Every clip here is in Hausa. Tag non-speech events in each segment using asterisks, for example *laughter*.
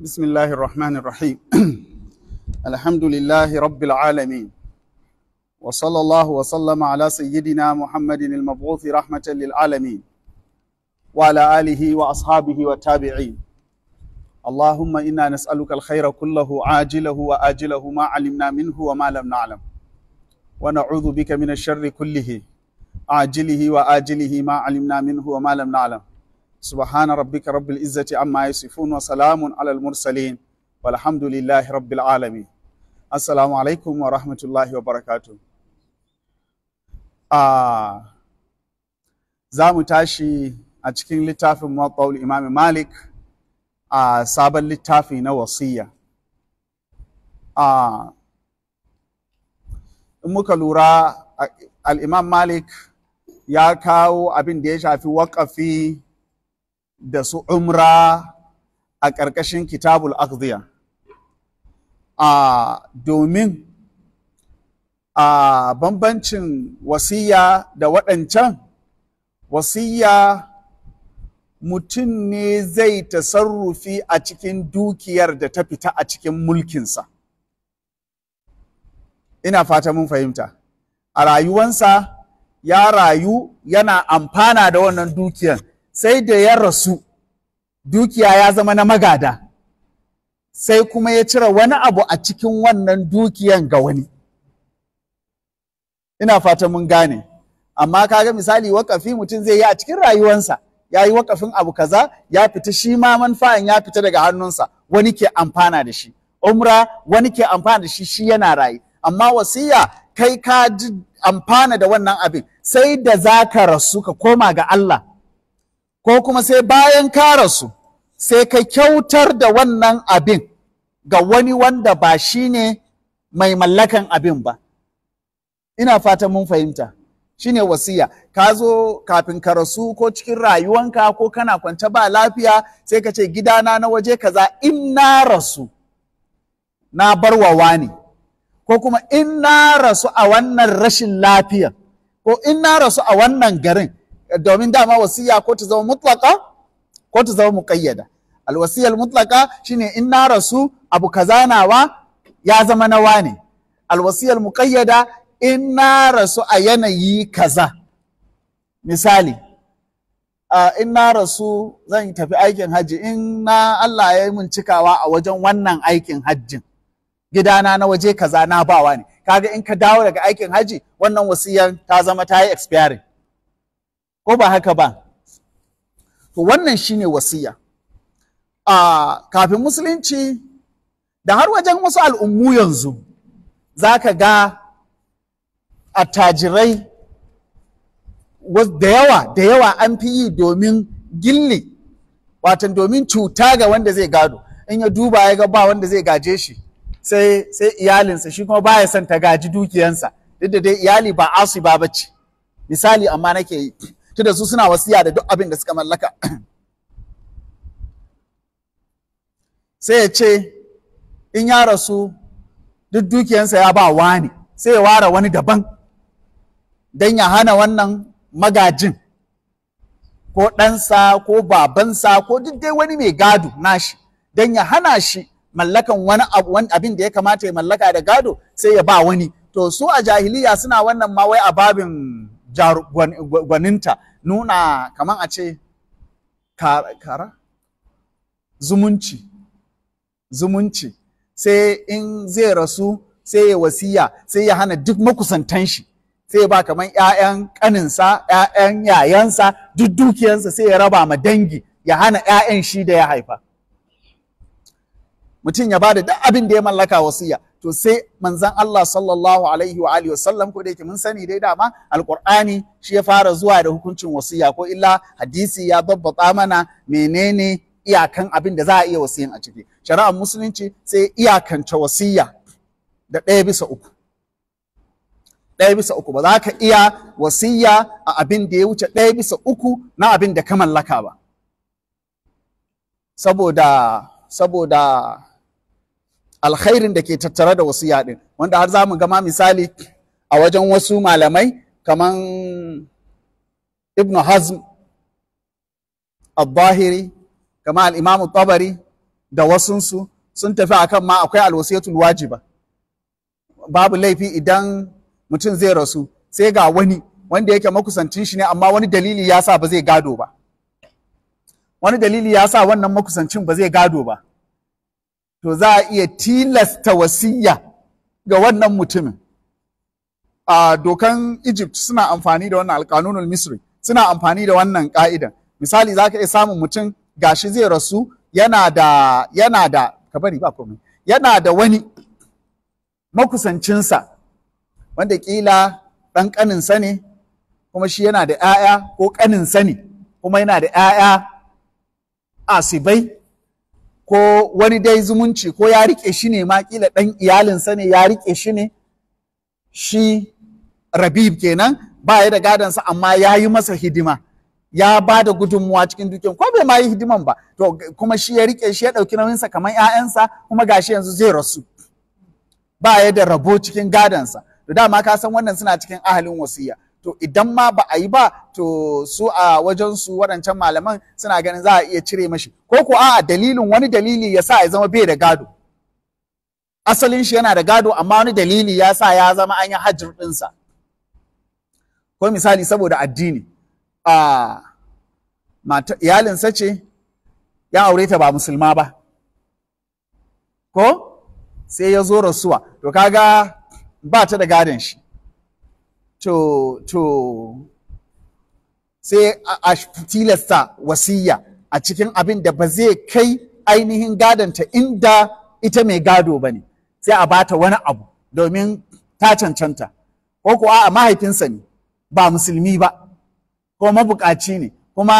بسم الله الرحمن الرحيم الحمد لله رب العالمين وصلى الله وسلم على سيدنا محمد المبعوث رحمة للعالمين وعلى آله وأصحابه والتابعين اللهم إنا نسألك الخير كله عاجله وآجله ما علمنا منه وما لم نعلم ونعوذ بك من الشر كله عاجله وآجله ما علمنا منه وما لم نعلم subhana rabbika rabbil izzati amma yasifun wa salamun alal mursalin walhamdulillahi rabbil alamin assalamu alaikum wa rahmatullahi wa barakatuh ah za mu tashi a cikin littafin muwaqqaul imam malik a sabon littafi na wasiya ah, in muka lura Al imam malik ya kawo abin da ya shafi waƙafi da su umra a ƙarƙashin kitabul akziya a domin a bambancin wasiya da waɗancan wasiya mutum ne zai ta sarrufi a cikin dukiyar da ta fita a cikin mulkinsa ina fata mun fahimta a rayuwansa ya rayu yana amfana da wannan dukiyar sai da ya rasu dukiya ya zama na magada sai kuma ya cire wani abu a cikin wannan dukiyan ga wani ina fata mun gane amma kaga misali wakafi mutum zai yi a cikin rayuwansa ya yi wakafin abu kaza ya fita shi ma manfa'an ya fita daga hannunsa wani ke amfana da shi umra wani ke amfana da shi shi yana rayu amma wasiya kai ka ji amfana da wannan abin sai da za ka rasu ka koma ga Allah ko kuma sai bayan ka rasu sai ka kyautar da wannan abin ga wani wanda ba shi ne mai mallakan abin ba ina fata mun fahimta Shi ne wasiya ka zo kafin ka rasu ko cikin rayuwanka ko kana kwance ba lafiya sai ka ce gidana na waje kaza in na rasu na barwawa ne ko kuma in na rasu a wannan rashin lafiya ko in na rasu a wannan garin domin dama wasiya ko ta zama mutlaka ko ta zama mukayyada. alwasiyar mutlaka shine in na rasu abu kaza nawa ya zama nawa ne alwasiyar mukayyada in na rasu a yanayi kaza misali in na rasu zan tafi aikin hajji in na Allah ya yi min cikawa a wajen wannan aikin hajjin gidana na waje kaza na bawa ne kaga in ka dawo daga aikin hajji wannan wasiyar ta zama ta yi expiring ko ba haka ba to wannan shine wasiya a kafin musulunci da har wajen wasu al'ummu yanzu za ka ga attajirai da yawa da yawa an fi yi domin gilli watan domin cuta ga wanda zai gado in ya duba ya ga ba wanda zai gaje shi sai iyalinsa shi kuma baya son ta gaji dukiyansa duk da dai iyali ba asu ba bace misali amma nake yi tunda su suna wasiya da duk abin da suka mallaka *clears throat* sai ya ce in ya rasu duk dukiyansa ya ba wa ne, sai ya ware wani daban don ya hana wannan magajin ko ɗansa ko babansa ko duk dai wani mai gado nashi don ya hana shi mallakan wani abin da ya kamata ya mallaka da gado sai ya ba wani to su a jahiliya suna wannan ma wai a babin gwaninta nuna kamar a ce kara zumunci zumunci sai in zai rasu sai ya wasiya sai ya hana duk makusantan shi sai ba kamar 'ya'yan kaninsa 'ya'yan yayansa duk dukiyansa sai ya raba ma dangi ya hana 'ya'yan shi da ya haifa mutum ya ba da duk abin da ya mallaka wasiya to sai manzon Allah sallallahu alaihi wa alihi wasallam ko da yake mun sani dai dama alqur'ani shi ya fara zuwa da hukuncin wasiya ko illa hadisi ya babbata mana menene iyakan abin da za a iya wasiyan a ciki shari'ar musulunci sai iyakance wasiya da ɗaya bisa uku ɗaya bisa uku ba za ka iya wasiya a abin da ya wuce ɗaya bisa uku na abin da ka mallaka ba saboda saboda alkhairin da ke tattare da wasu yaɗin, wanda har za mu gama misali a wajen wasu malamai kaman ibn hazm al-bahiri kama al imamu tabari da wasunsu sun tafi akan ma akwai alwasiyatul wajiba babu laifi idan mutum zai rasu sai ga wani wanda yake makusancin shi ne amma wani dalili ya sa ba zai gado ba wani dalili ya sa wannan makusancin ba zai gado ba to za a iya tilasta wasiya ga wannan mutumin a dokan egypt suna amfani da wannan alkanunul misri suna amfani da wannan ka'idan misali za ka iya samun mutum gashi zai rasu yana da yana da ka bari ba komai yana da wani makusancinsa wanda kila ɗan ƙaninsa ne kuma shi yana da 'ya'ya ko ƙaninsa ne kuma yana da 'ya'ya asibai ko wani dai zumunci ko ya rike shi ne makila ɗan iyalinsa ne ya rike shi ne shi rabib kenan ba ya da gadansa amma ya yi masa hidima ya ba da gudunmuwa cikin dukiyar ko bai ma yi hidiman ba to kuma shi ya rike shi ya ɗauki nauyinsa kamar 'ya'yansa kuma gashi yanzu zai rasu ba ya da rabo cikin gadonsa, to dama ka san wannan suna cikin ahalin wasiya to idan ma ba a yi ba to su a wajen su waɗancan malaman suna ganin za a iya cire mashi ko ko a'a dalilin wani dalili ya sa ya zama bai da gado asalin shi yana da gado amma wani dalili ya sa ya zama an yi hajjin ɗinsa ko misali saboda addini a mata iyalinsa ce ya aure ta ba musulma ba ko sai ya zo rasuwa to kaga ba ta da gadon shi to to sai a tilasta wasiya a cikin abin da ba zai kai ainihin gadonta inda ita mai gado ba ne sai a bata wani abu domin ta cancanta ko kuwa a mahaifinsa ne ba musulmi ba ko mabukaci ne kuma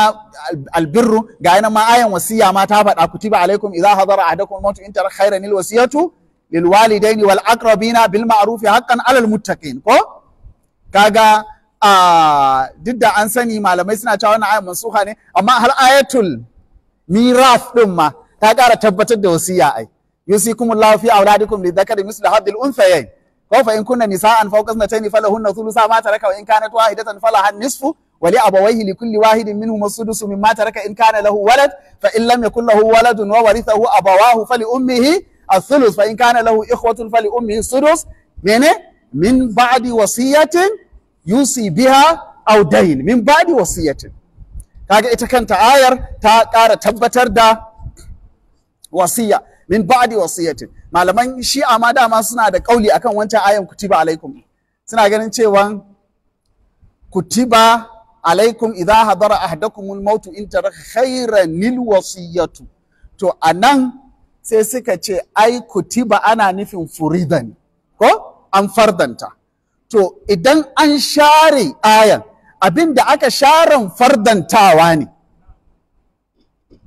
albirru ga yana ma ayan wasiya ma ta faɗa kutiba alaikum idza hadara ahadakum mautu in tara khairan lil wasiyatu lil walidaini wal aqrabina bil ma'ruf haqqan alal muttaqin ko kaga a duk da an sani malamai suna cewa wannan ayat mansuha ne amma har ayatul miraf din ma ta ƙara tabbatar da wasiya ai yusikumullahu fi auladikum zakari misl hadil unthayayn ko fa in kunna nisa'an fawqa ithnatayn falahunna thulutha ma taraka wa in kanat wahidatan falaha nisfu wa li abawayhi li kulli wahidin minhum as-sudusu mimma taraka in kana lahu walad fa in lam yakul lahu waladun wa warithahu abawahu fali ummihi Fa in kana lahu كان له ummihi as sudus, mene min ba'di wasiyatin yusi biha aw dayn min ba'di wasiyatin kaga ita kanta ayar ta ƙara tabbatar da wasiya min ba'di wasiyatin malaman shi'a ma dama suna da kauli akan wancan ayan kutiba alaikum suna ganin cewa kutiba alaikum idza hadara ahadakumul maut in taraka khairan lil wasiyatu to anan sai suka ce ai kutiba ana nufin furidan ko an fardanta to idan an share ayan abin da aka share fardantawa ne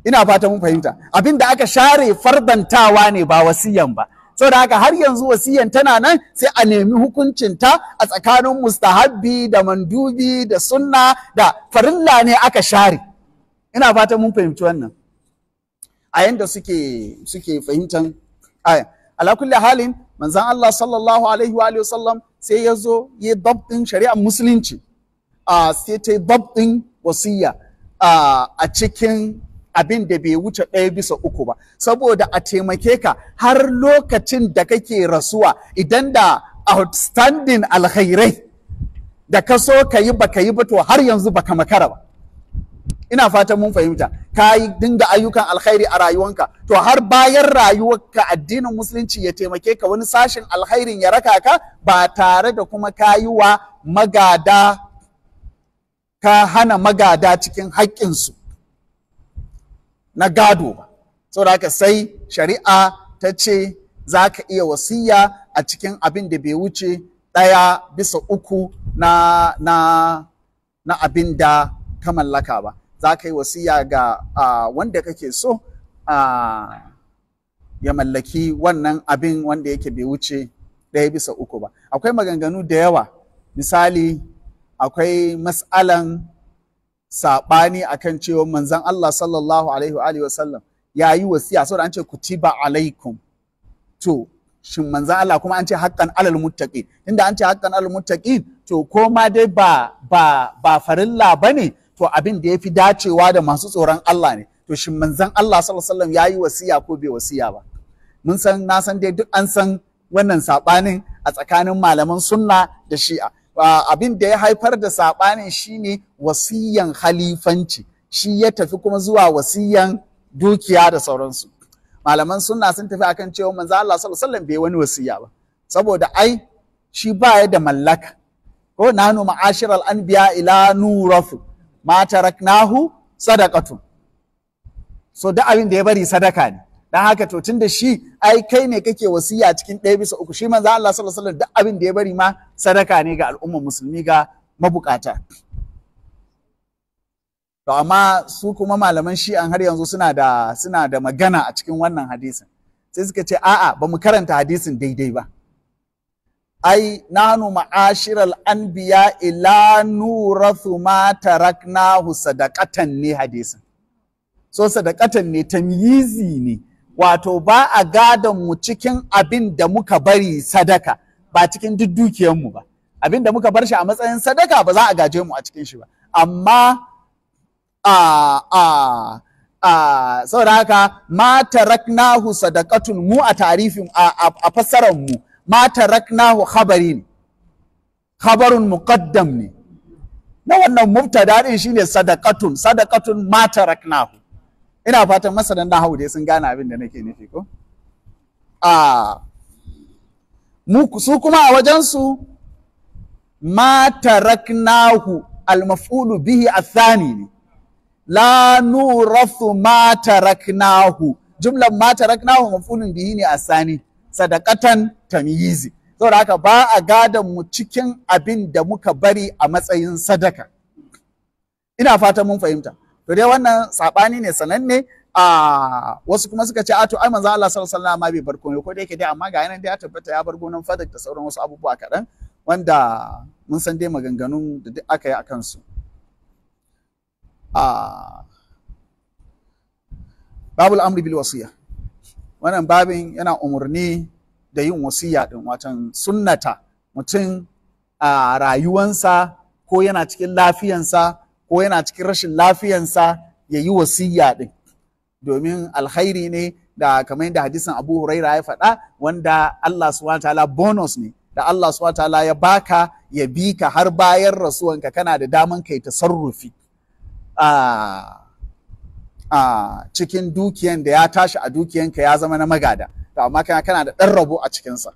ina fata mun fahimta abin da aka share fardantawa ne ba wasiyan ba saboda haka har yanzu wasiyan tana nan sai a nemi hukuncinta a tsakanin mustahabbi da mandubi da sunna da farilla ne aka share ina fata mun fahimci wannan a yanda suke suke fahimtan aya ala kulli halin manzan Allah sallallahu alaihi wa sallam sai ya zo ya shari'ar musulunci a ah, sai ta dabtin wasiya ah, a cikin abin da bai wuce ɗaya bisa uku ba saboda a taimake ka har lokacin da kake rasuwa idan da outstanding alkhairai da ka so ka yi ka yi ba to har yanzu baka makara ba ina fatan mun fahimta ka yi dinga ayyukan alkhairi a rayuwanka to har bayan rayuwarka addinin musulunci ya taimake ka wani sashin alkhairin ya raka ka ba tare da kuma ka yi wa magada ka hana magada cikin haƙƙinsu na gado ba saboda haka sai shari'a ta ce za ka iya wasiya a cikin abin da bai wuce ɗaya bisa uku na na abin da ka mallaka ba za ka yi wasiya ga wanda kake so ya mallaki wannan abin wanda yake bai wuce ɗaya bisa uku ba akwai maganganu da yawa misali akwai mas'alan saɓani kan cewa manzan Allah sallallahu alaihi wa ya yi wasiya saboda an ce kutiba alaikum to shin manzan Allah kuma an ce haƙƙan alal muttaqin inda an ce haƙƙan alal muttaqin to ko ma dai ba ba ba farilla bane to abin da ya fi dacewa da masu tsoron Allah ne to shin manzon Allah sallallahu ya yi wasiya ko bai wasiya ba mun san na san dai duk an san wannan sabanin a tsakanin malaman sunna da shi'a abin da ya haifar da sabanin shine wasiyan halifanci shi ya tafi kuma zuwa wasiyan dukiya da sauransu malaman sunna sun tafi akan cewa manzan Allah sallallahu alaihi bai wani wasiya ba saboda ai shi baya da mallaka ko nanu ma'ashiral anbiya ila nurafu Mata taraknahu sadaqatun so da abin da ya bari sadaka ne dan haka to tunda shi ai kai ne kake wasiya cikin ɗaya bisa uku shi manzo Allah sallallahu alaihi wasallam duk abin da ya bari ma sadaka ne ga al'ummar musulmi ga mabukata to amma su kuma malaman shi'an har yanzu suna da suna da magana a cikin wannan hadisin sai suka ce a'a ba mu karanta hadisin daidai ba ai nanu ma'ashiral anbiya ila nurathu ma taraknahu sadaqatan ne hadisin so sadaqatan ne tamyizi ne wato ba a gadon mu cikin abin da muka bari sadaka ba cikin duk mu ba abin da muka bar shi a matsayin sadaka ba za a gaje mu a cikin shi ba amma a a a saboda haka ma taraknahu sadaqatun mu a tarifin a fassarar mu ma taraknahu khabari ne khabarun muqaddam ne na wannan mubtada din shine sadaqatun sadaqatun ma taraknahu ina fatan masanan nahwu dai sun gane abin da nake nufi ko a su kuma a wajensu ma taraknahu almaf'ulu bihi athani ne la nurathu ma taraknahu jumlan ma taraknahu maf'ulun bihi ne asani sadakatan tamyizi saboda haka ba a gadon mu cikin abin da muka bari a matsayin sadaka ina fata mun fahimta to dai wannan saɓani ne sananne a wasu kuma suka ce a to ai manzo Allah sallallahu alaihi wasallam bai bar komai ko dai yake dai amma ga yanan dai ya tabbata ya bar gonan fadak da sauran wasu abubuwa kaɗan wanda mun san dai maganganun da aka yi a kansu babul amri bil wannan babin yana umarni da yin wasiya din watan sunnata mutum a rayuwansa ko yana cikin lafiyansa ko yana cikin rashin lafiyansa ya yi wasiya din domin alkhairi ne da kamar yadda hadisin Abu Huraira ya faɗa wanda Allah subhanahu ta'ala bonus ne da Allah subhanahu ta'ala ya baka ya bi ka har bayan rasuwanka kana da daman kai tasarrufi ah a cikin dukiyan da ya tashi a dukiyanka ya zama na magada to amma kana kana da ɗan rabo a cikinsa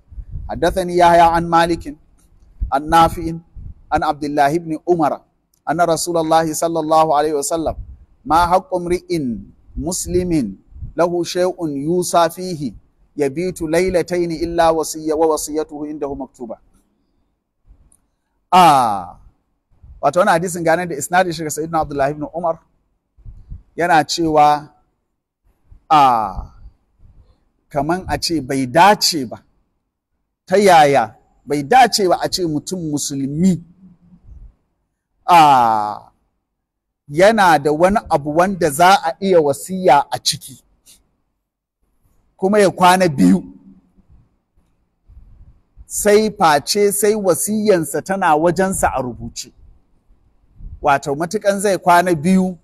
haddathani yahya an malikin an nafi'in an abdullahi ibn umar anna rasulullahi sallallahu alaihi wasallam ma haqqu mri'in muslimin lahu shay'un yusa fihi yabitu laylatayn illa wasiyya wa wasiyatuhu indahu maktuba ah wato wannan hadisin gane da isnadin shi ga sayyidina abdullahi ibn umar yana cewa a kaman a ce bai dace ba ta yaya bai dace ba a ce mutum musulmi a yana da wani abu wanda za a iya wasiya a ciki kuma ya kwana biyu sai face sai wasiyansa tana wajensa a rubuce wato matukan zai kwana biyu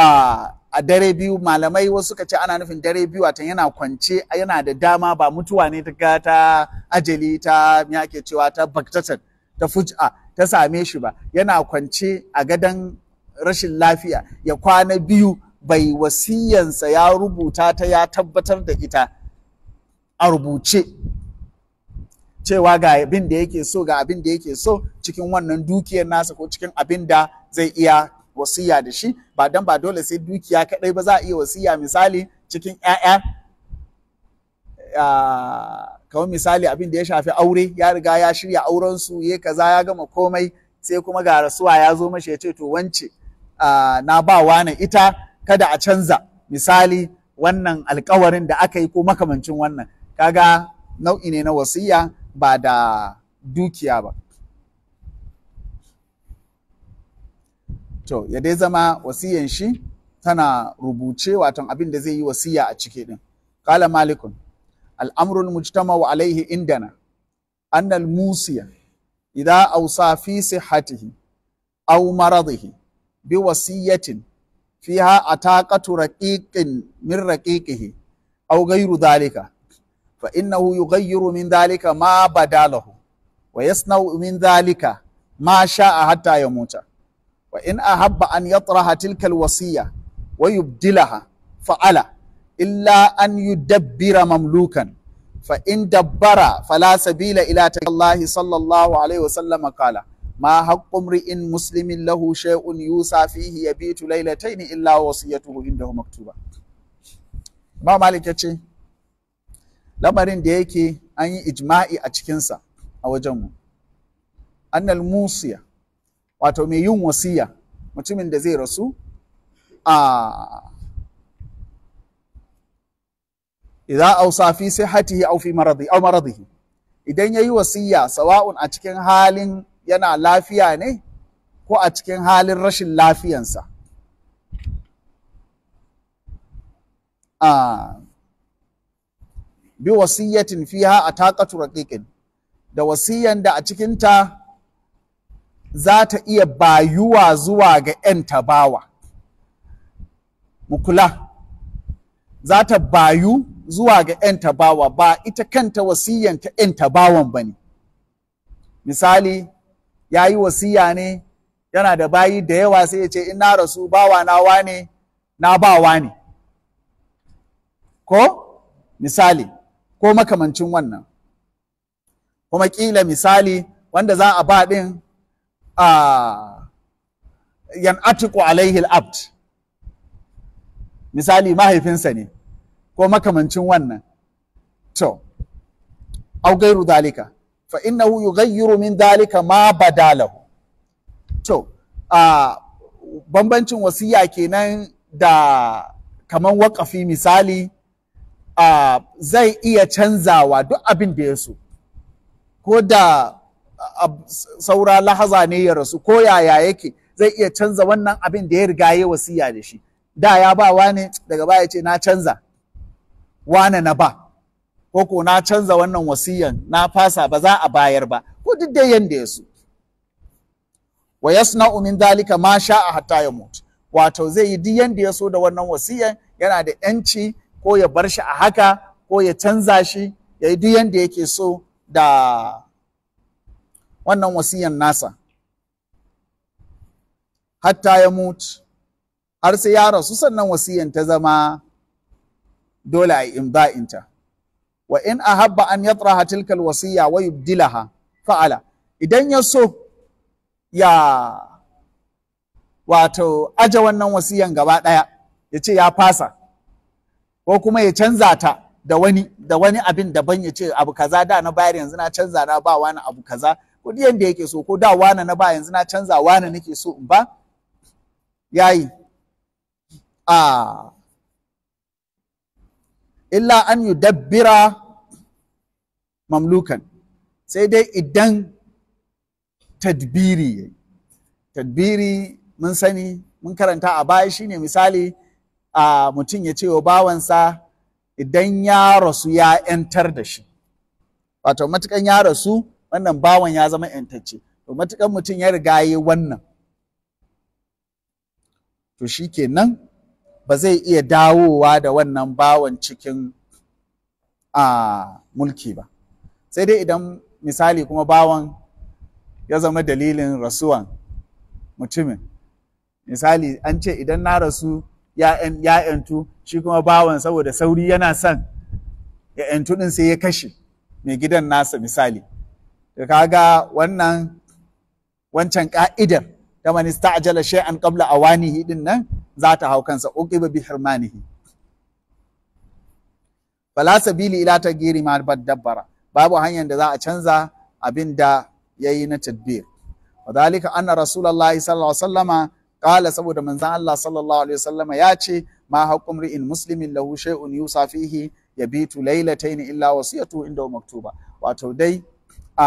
a dare biyu malamai wasu suka ce ana nufin dare biyu watan yana kwance yana da dama ba mutuwa ne ta ta ajali ta me ake cewa ta baktatan ta fuj'a ta same shi ba yana kwance a gadon rashin lafiya ya kwana biyu bai wasiyansa ya rubuta ta ya tabbatar da ita a rubuce cewa ga abin da yake so ga abin da yake so cikin wannan dukiyar nasa ko cikin abin da zai iya wasiya da shi ba dan ba dole sai dukiya kaɗai ba za a iya wasiya misali cikin 'ya'ya ah, kamar misali abin da ya shafi aure ya riga ya shirya auren su ya kaza ya gama komai sai kuma ga rasuwa ya zo mashi ya ce to wance ah, na ba na ita kada a canza misali wannan alkawarin da aka yi ko makamancin wannan kaga nau'i ne na wasiya ba da dukiya ba to ya dai zama wasiyan shi tana rubuce watan abin da zai yi wasiya a ciki din qala malikun al-amru al-mujtama wa na. indana anna al-musiya idha awsa fi sihhatihi aw maradihi bi wasiyatin fiha taƙatu raƙiƙin min raƙiƙihi Au gairu dhalika fa innahu yughayyiru min dhalika ma badalahu wa yasna'u min dhalika ma a hatta yamuta wa in ahabba an yatraha tilka wasiya wa yubdilaha fa'ala illa an yudabbira mamlukan fa in dabbara fala sabila ila tallahi sallallahu alaihi wasallam qala ma haqqu mri'in muslimin lahu shay'un yusa fihi yabitu laylatayn illa wasiyatuhu indahu maktuba ba malik yace lamarin da yake an yi ijma'i a cikinsa a wajenmu annal musiya wato mai yin wasiya mutumin da zai rasu a Idan ausa fi sihhatihi aw fi maradihi aw maradihi idan yayi wasiya sawa'un a cikin halin yana lafiya ne ko a cikin halin rashin lafiyansa a bi wasiyatin fiha ataqatu raqiqin da wasiyan da a cikinta za ta iya bayuwa zuwa ga 'yan tabawa mukula za ta bayu zuwa ga 'yan tabawa ba ita kanta wasiyan ta 'yan tabawan ba ne misali ya yi wasiya ne yana da bayi da yawa sai ya ce in na rasu bawa na wane na bawa ne ko misali ko makamancin wannan kuma ƙila misali wanda za a ba ɗin Ah, yan atiku alaihi abd, misali mahaifinsa ne ko makamancin wannan to au gairu dalika fa innahu yughayyiru min dalika ma badalahu to a ah, bambancin wasiya kenan da kaman waƙafi misali ah, zai iya canzawa duk abin da ya so ko da saura lahaza ne ya rasu ko yaya yake zai iya canza wannan abin da ya riga ya wasiya da shi da ya ba wane daga baya ce na canza wane na ba ko ko na canza wannan wasiyan na fasa ba za a bayar ba ko duk da yanda ya so wa yasna'u min dalika ma sha'a hatta ya wato zai yi duk yanda ya so da wannan wasiyan yana da yanci ko ya bar shi a haka ko ya canza shi ya yi duk yanda yake so da wannan wasiyan nasa hatta ya mutu har sai ya rasu sannan wasiyan ta zama dole a in ba'inta wa in ahabba an yatraha tilka alwasiya wa yubdilaha fa'ala idan ya so ya wato aje wannan wasiyan gaba ɗaya, ya ce ya fasa ko kuma ya canza ta da wani da wani abin daban ya ce abu kaza da na bayar yanzu na canza na ba wani abu kaza Kuɗi yadda yanda yake so ko da wana na ba yanzu na canza wane nake so in ba yayi a illa an dabbira mamlukan sai dai idan tadbiri tadbiri mun sani mun karanta a baya shine misali a mutum ya ce wa bawansa idan ya rasu ya 'yantar da shi wato matukan ya rasu wannan bawan ya zama yantacce to matukan mutum ya riga yi wannan to shi ke nan ba zai iya dawowa da wannan bawan cikin a mulki ba sai dai idan misali kuma bawan ya zama dalilin rasuwan mutumin misali an ce idan na rasu ya'yantu shi kuma bawan saboda sauri yana son ya'yantu ɗin sai ya kashe mai gidan nasa misali Ka kaga wannan wancan ka'idar ta man ista'jala shay'an qabla awanihi din nan za ta hau kansa uqiba bi hirmanihi fala sabili ila tagiri ma dabbara babu hanyar da za a canza abin da yayi na tadbir wadhalika anna Rasulallah sallallahu alaihi wasallama qala saboda manzon Allah sallallahu alaihi wasallama ya ce ma haqqum ri'in muslimin lahu shay'un yusa fihi yabitu laylatayn illa wasiyatu inda maktuba wato dai a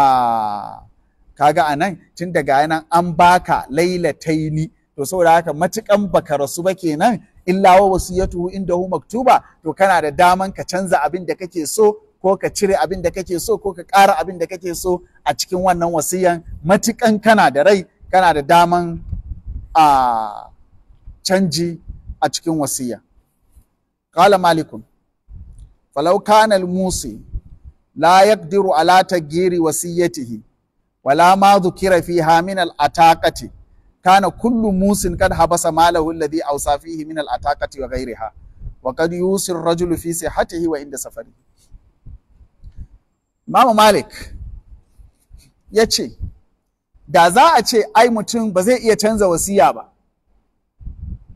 kaga a nan tun daga nan an baka ni. to saboda haka matukan baka rasu ba kenan illa wa inda hu maktuba to kana da daman ka canza abin da kake so ko ka cire abin da kake so ko ka ƙara abin da kake so a cikin wannan wasiyan matukan kana da rai kana da daman a canji a cikin wasiya qala malikun falau kana al la yaqdiru ala tagiri wasiyatihi wala ma dhukira fiha min al-ataqati kana kullu musin kad habasa malahu alladhi awsa fihi min al-ataqati wa ghayriha wa qad yusir rajulu fi sihhatihi wa inda safari Imam Malik ya ce da za a ce ai mutum ba zai iya canza wasiya ba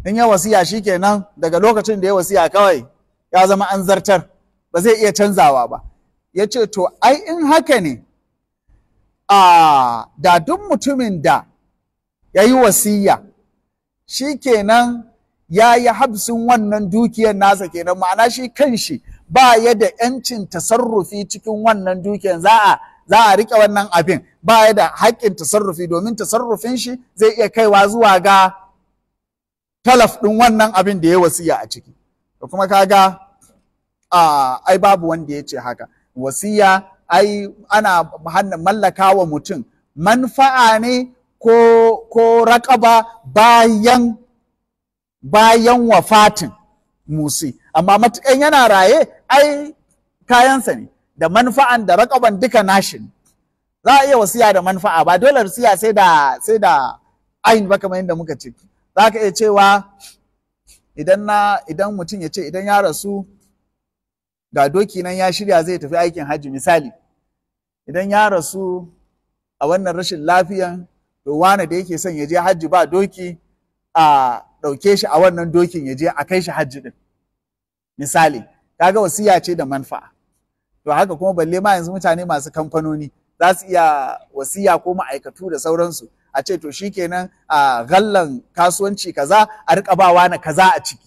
in ya wasiya shi shikenan daga lokacin da ya wasiya kawai ya zama an zartar ba zai iya canzawa ba ya ce to ai in haka ne a da duk mutumin da ya yi wasiya shi kenan ya yi habsin wannan dukiyar nasa kenan ma'ana shi kanshi ba ya da 'yancin tasarrufi cikin wannan dukiyar za a za a riƙe wannan abin ba ya da haƙƙin tasarrufi domin tasarrufin shi zai iya kaiwa zuwa ga talaf ɗin wannan abin da ya wasiya a ciki da kuma kaga ai babu wanda ya ce haka wasiya ai ana hannun mallaka wa mutum manfa'a ne ko, ko raƙaba bayan bayan wafatin musi amma matukan yana raye ai kayansa ne da manfa'an da rakaban duka nashin za a iya wasiya da manfa'a ba dole wasiya sai da sai da ayin ba kamar yadda muka ce za ka iya cewa idan mutum ya ce idan ya rasu ga doki nan ya shirya zai tafi aikin hajji misali idan ya rasu a wannan rashin lafiyan to wane da yake son ya je hajji ba doki a ɗauke shi a wannan dokin ya je a kai shi hajji din misali kaga wasiya ce da manfa'a to haka kuma balle ma yanzu mutane masu kamfanoni za su iya wasiya ko ma'aikatu da sauransu a ce to shi shikenan a gallan kasuwanci kaza a rika bawa na kaza a ciki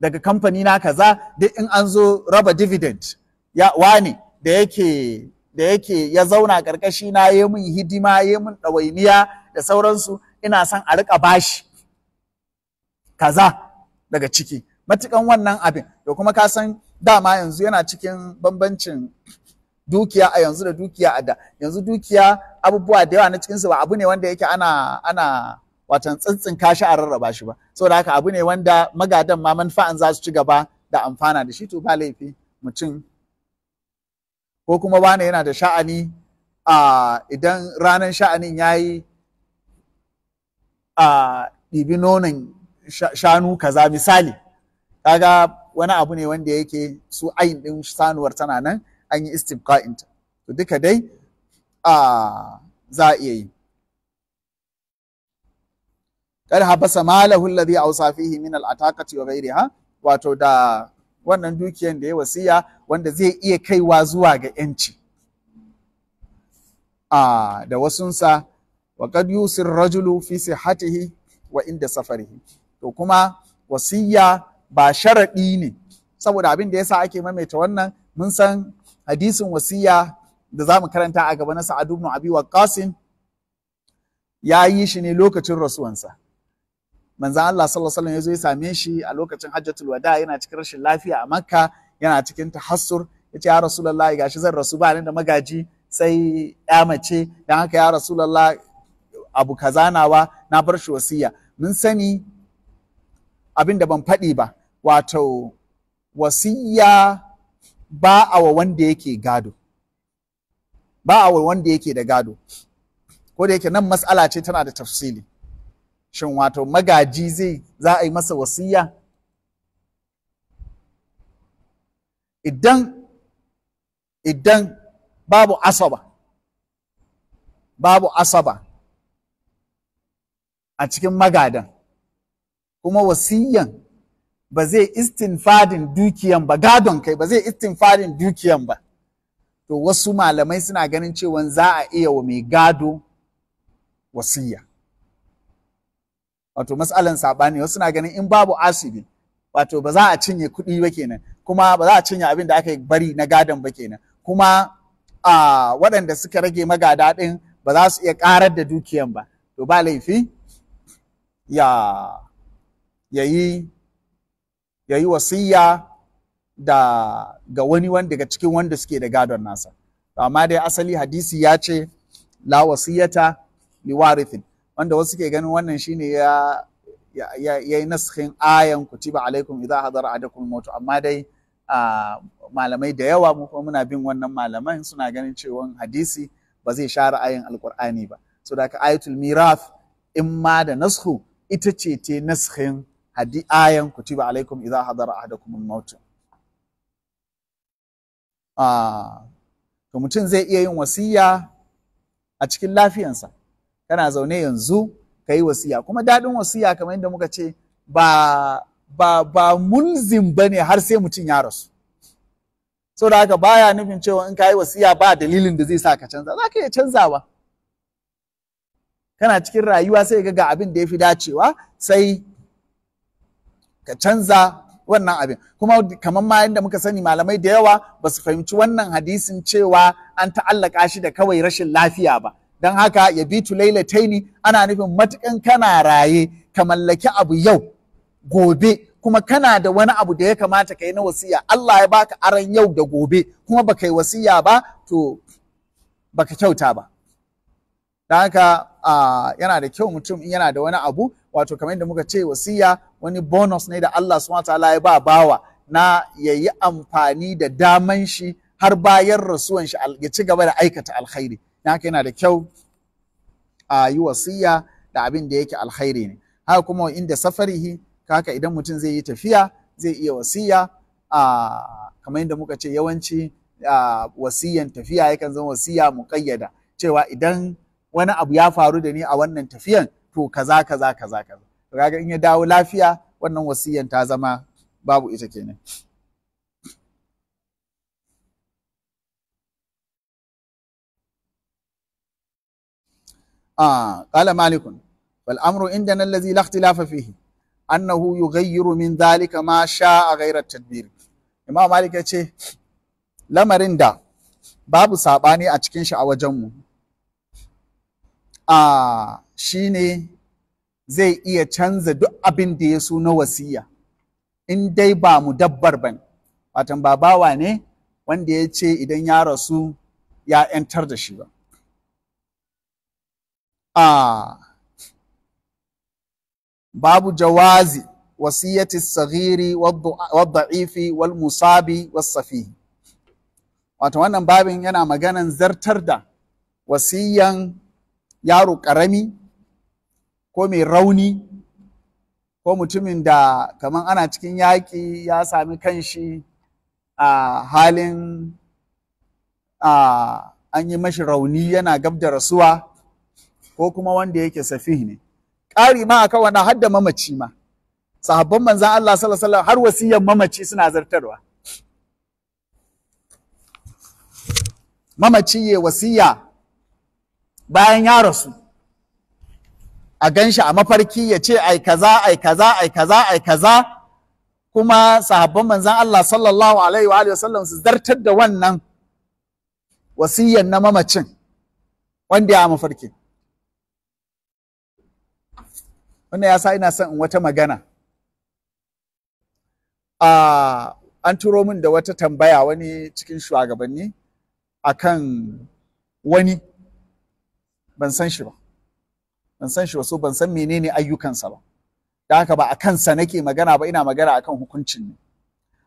daga kamfani na kaza duk in an zo raba dividend ya wane da yake da yake ya zauna karkashi na ya mun hidima ya mun ɗawainiya da sauransu ina son a riƙa bashi kaza daga ciki matukan wannan abin da kuma ka san dama yanzu yana cikin bambancin dukiya a yanzu da dukiya a da yanzu dukiya abubuwa da yawa na cikinsu ba abu ne wanda yake ana ana watan tsintsin kashi a rarraba shi ba saboda haka abu ne wanda magadan ma manfa'an za su ci gaba da amfana da shi to ba laifi mutum ko kuma wane yana da sha'ani a idan ranar sha'anin ya yi a ɗibi nonon shanu kaza misali kaga wani abu ne wanda yake su ayin ɗin sanuwar tana nan an yi istifka'inta to duka dai a za a iya yi kar habasa malahu alladhi awsa fihi min al-ataqati wa ghayriha wato da wannan dukiyan da ya wasiya wanda zai iya kaiwa zuwa ga yanci a da wasunsa wa qad yusir rajulu fi sihhatihi wa inda safarihi to kuma wasiya ba sharadi ne saboda abin da yasa ake maimaita wannan mun san hadisin wasiya da zamu karanta a gaba na Sa'ad ibn Abi Waqqas ya yi shi ne lokacin rasuwansa manzan Allah sallallahu alaihi wasallam ya zo ya same shi a lokacin hajjatul wada yana cikin rashin lafiya a makka yana cikin tahassur ya ce ya rasulullahi gashi zan rasu ba ni da magaji sai ya mace dan haka ya rasulullahi abu kaza nawa na bar shi wasiya mun sani abin da ban faɗi ba wato wasiya ba a wa wanda yake gado ba a wa wanda yake da gado ko da yake nan mas'ala ce tana da tafsili shin wato magaji zai za a yi masa wasiya idan babu asaba babu asaba a cikin magadan kuma wasiyan ba zai istinfadin dukiyan ba gadon kai ba zai istinfadin dukiyan ba to wasu malamai suna ganin cewa za a iya wa mai gado wasiya wato matsalan saɓani wasu na ganin in babu asibi wato ba za a cinye kuɗi ba kenan kuma ba za a cinye abin da aka bari na gadon ba kenan kuma a waɗanda suka rage magada ɗin ba za su iya ƙarar da dukiyan ba to ba laifi ya yayi yayi wasiya da ga wani wanda daga cikin wanda suke da gadon nasa amma dai asali hadisi ya ce la wasiyata li warithin wanda wasu ke ganin wannan shine ya ya yi naskin ayan kutiba alaikum idza hadara adakum mautu amma dai malamai da yawa mu kuma muna bin wannan malaman suna ganin cewa hadisi ba zai share ayin alkur'ani ba so da ayatul miraf in ma da nasku ita ce te naskin hadi ayan kutiba alaikum idza hadara ahadakum al-maut to mutum zai iya yin wasiya a cikin lafiyansa kana zaune yanzu ka yi wasiya kuma daɗin wasiya kamar yadda muka ce ba ba ba mulzim ba ne har sai mutum ya rasu so da haka baya nufin cewa in ka yi wasiya ba dalilin da zai sa ka canza za ka iya ba. kana cikin rayuwa sai ga abin da ya fi dacewa sai ka canza wannan abin kuma kamar ma yadda muka sani malamai da yawa ba su fahimci wannan hadisin cewa an ta'allaka shi da kawai rashin lafiya ba don haka ya bi tulailataini ana nufin matukan kana raye ka mallaki abu yau gobe kuma kana da wani abu da ya kamata ka yi na wasiya Allah ya baka aran yau da gobe kuma baka yi wasiya ba to baka kyauta ba don haka yana da kyau mutum in yana da wani abu wato kamar yadda muka ce wasiya wani bonus ne da Allah subhanahu ta'ala ya ba bawa na ya yi amfani da daman shi har bayan rasuwan shi ya ci gaba da aikata alkhairi dan haka yana da kyau a yi wasiya da abin da yake alkhairi ne haka kuma inda safarihi kaka idan mutum zai yi tafiya zai iya wasiya a kamar yadda muka ce yawanci wasiyan tafiya yakan zama wasiya muƙayyada cewa idan wani abu ya faru da ni a wannan tafiyan to kaza kaza kaza kaza kaga in ya dawo lafiya wannan wasiyan ta zama babu ita kenan آه قال مالك فالأمر عندنا الذي لا اختلاف فيه أنه zalika ma sha a gairar غير التدبير إمام مالك يقول لمرين دا babu saɓani a cikin shi a wajenmu a shi ne zai iya canza duk abin da ya so na wasiya in dai ba mu dabbar ba ne watan ba ne wanda ya ce idan ya rasu ya 'yantar da shi ba babu jawazi wasiyati sagiri wadda'ifi wal musabi wasafi wato wannan babin yana maganan zartar da wasiyan yaro ƙarami ko mai rauni ko mutumin da kamar ana cikin yaƙi ya sami kanshi a halin an yi mashi rauni yana gab da rasuwa ko kuma wanda yake safihi ne ƙari ma akan wannan har da mamaci ma sahabban manzan Allah sallallahu alaihi har wasiyan mamaci suna zartarwa mamaci ya wasiya bayan ya rasu a gan shi a mafarki ya ce ai kaza ai kaza ai kaza ai kaza kuma sahabban manzan Allah sallallahu alaihi wa sallam su zartar da wannan wasiyyan na mamacin wanda ya mafarkin wannan ya sa ina son in wata magana uh, an turo min da wata tambaya wani cikin shugabanni akan wani ban san shi ba ban san shi ba so ban san menene ayyukansa ba da haka ba a kansa nake magana ba ina magana akan hukuncin ne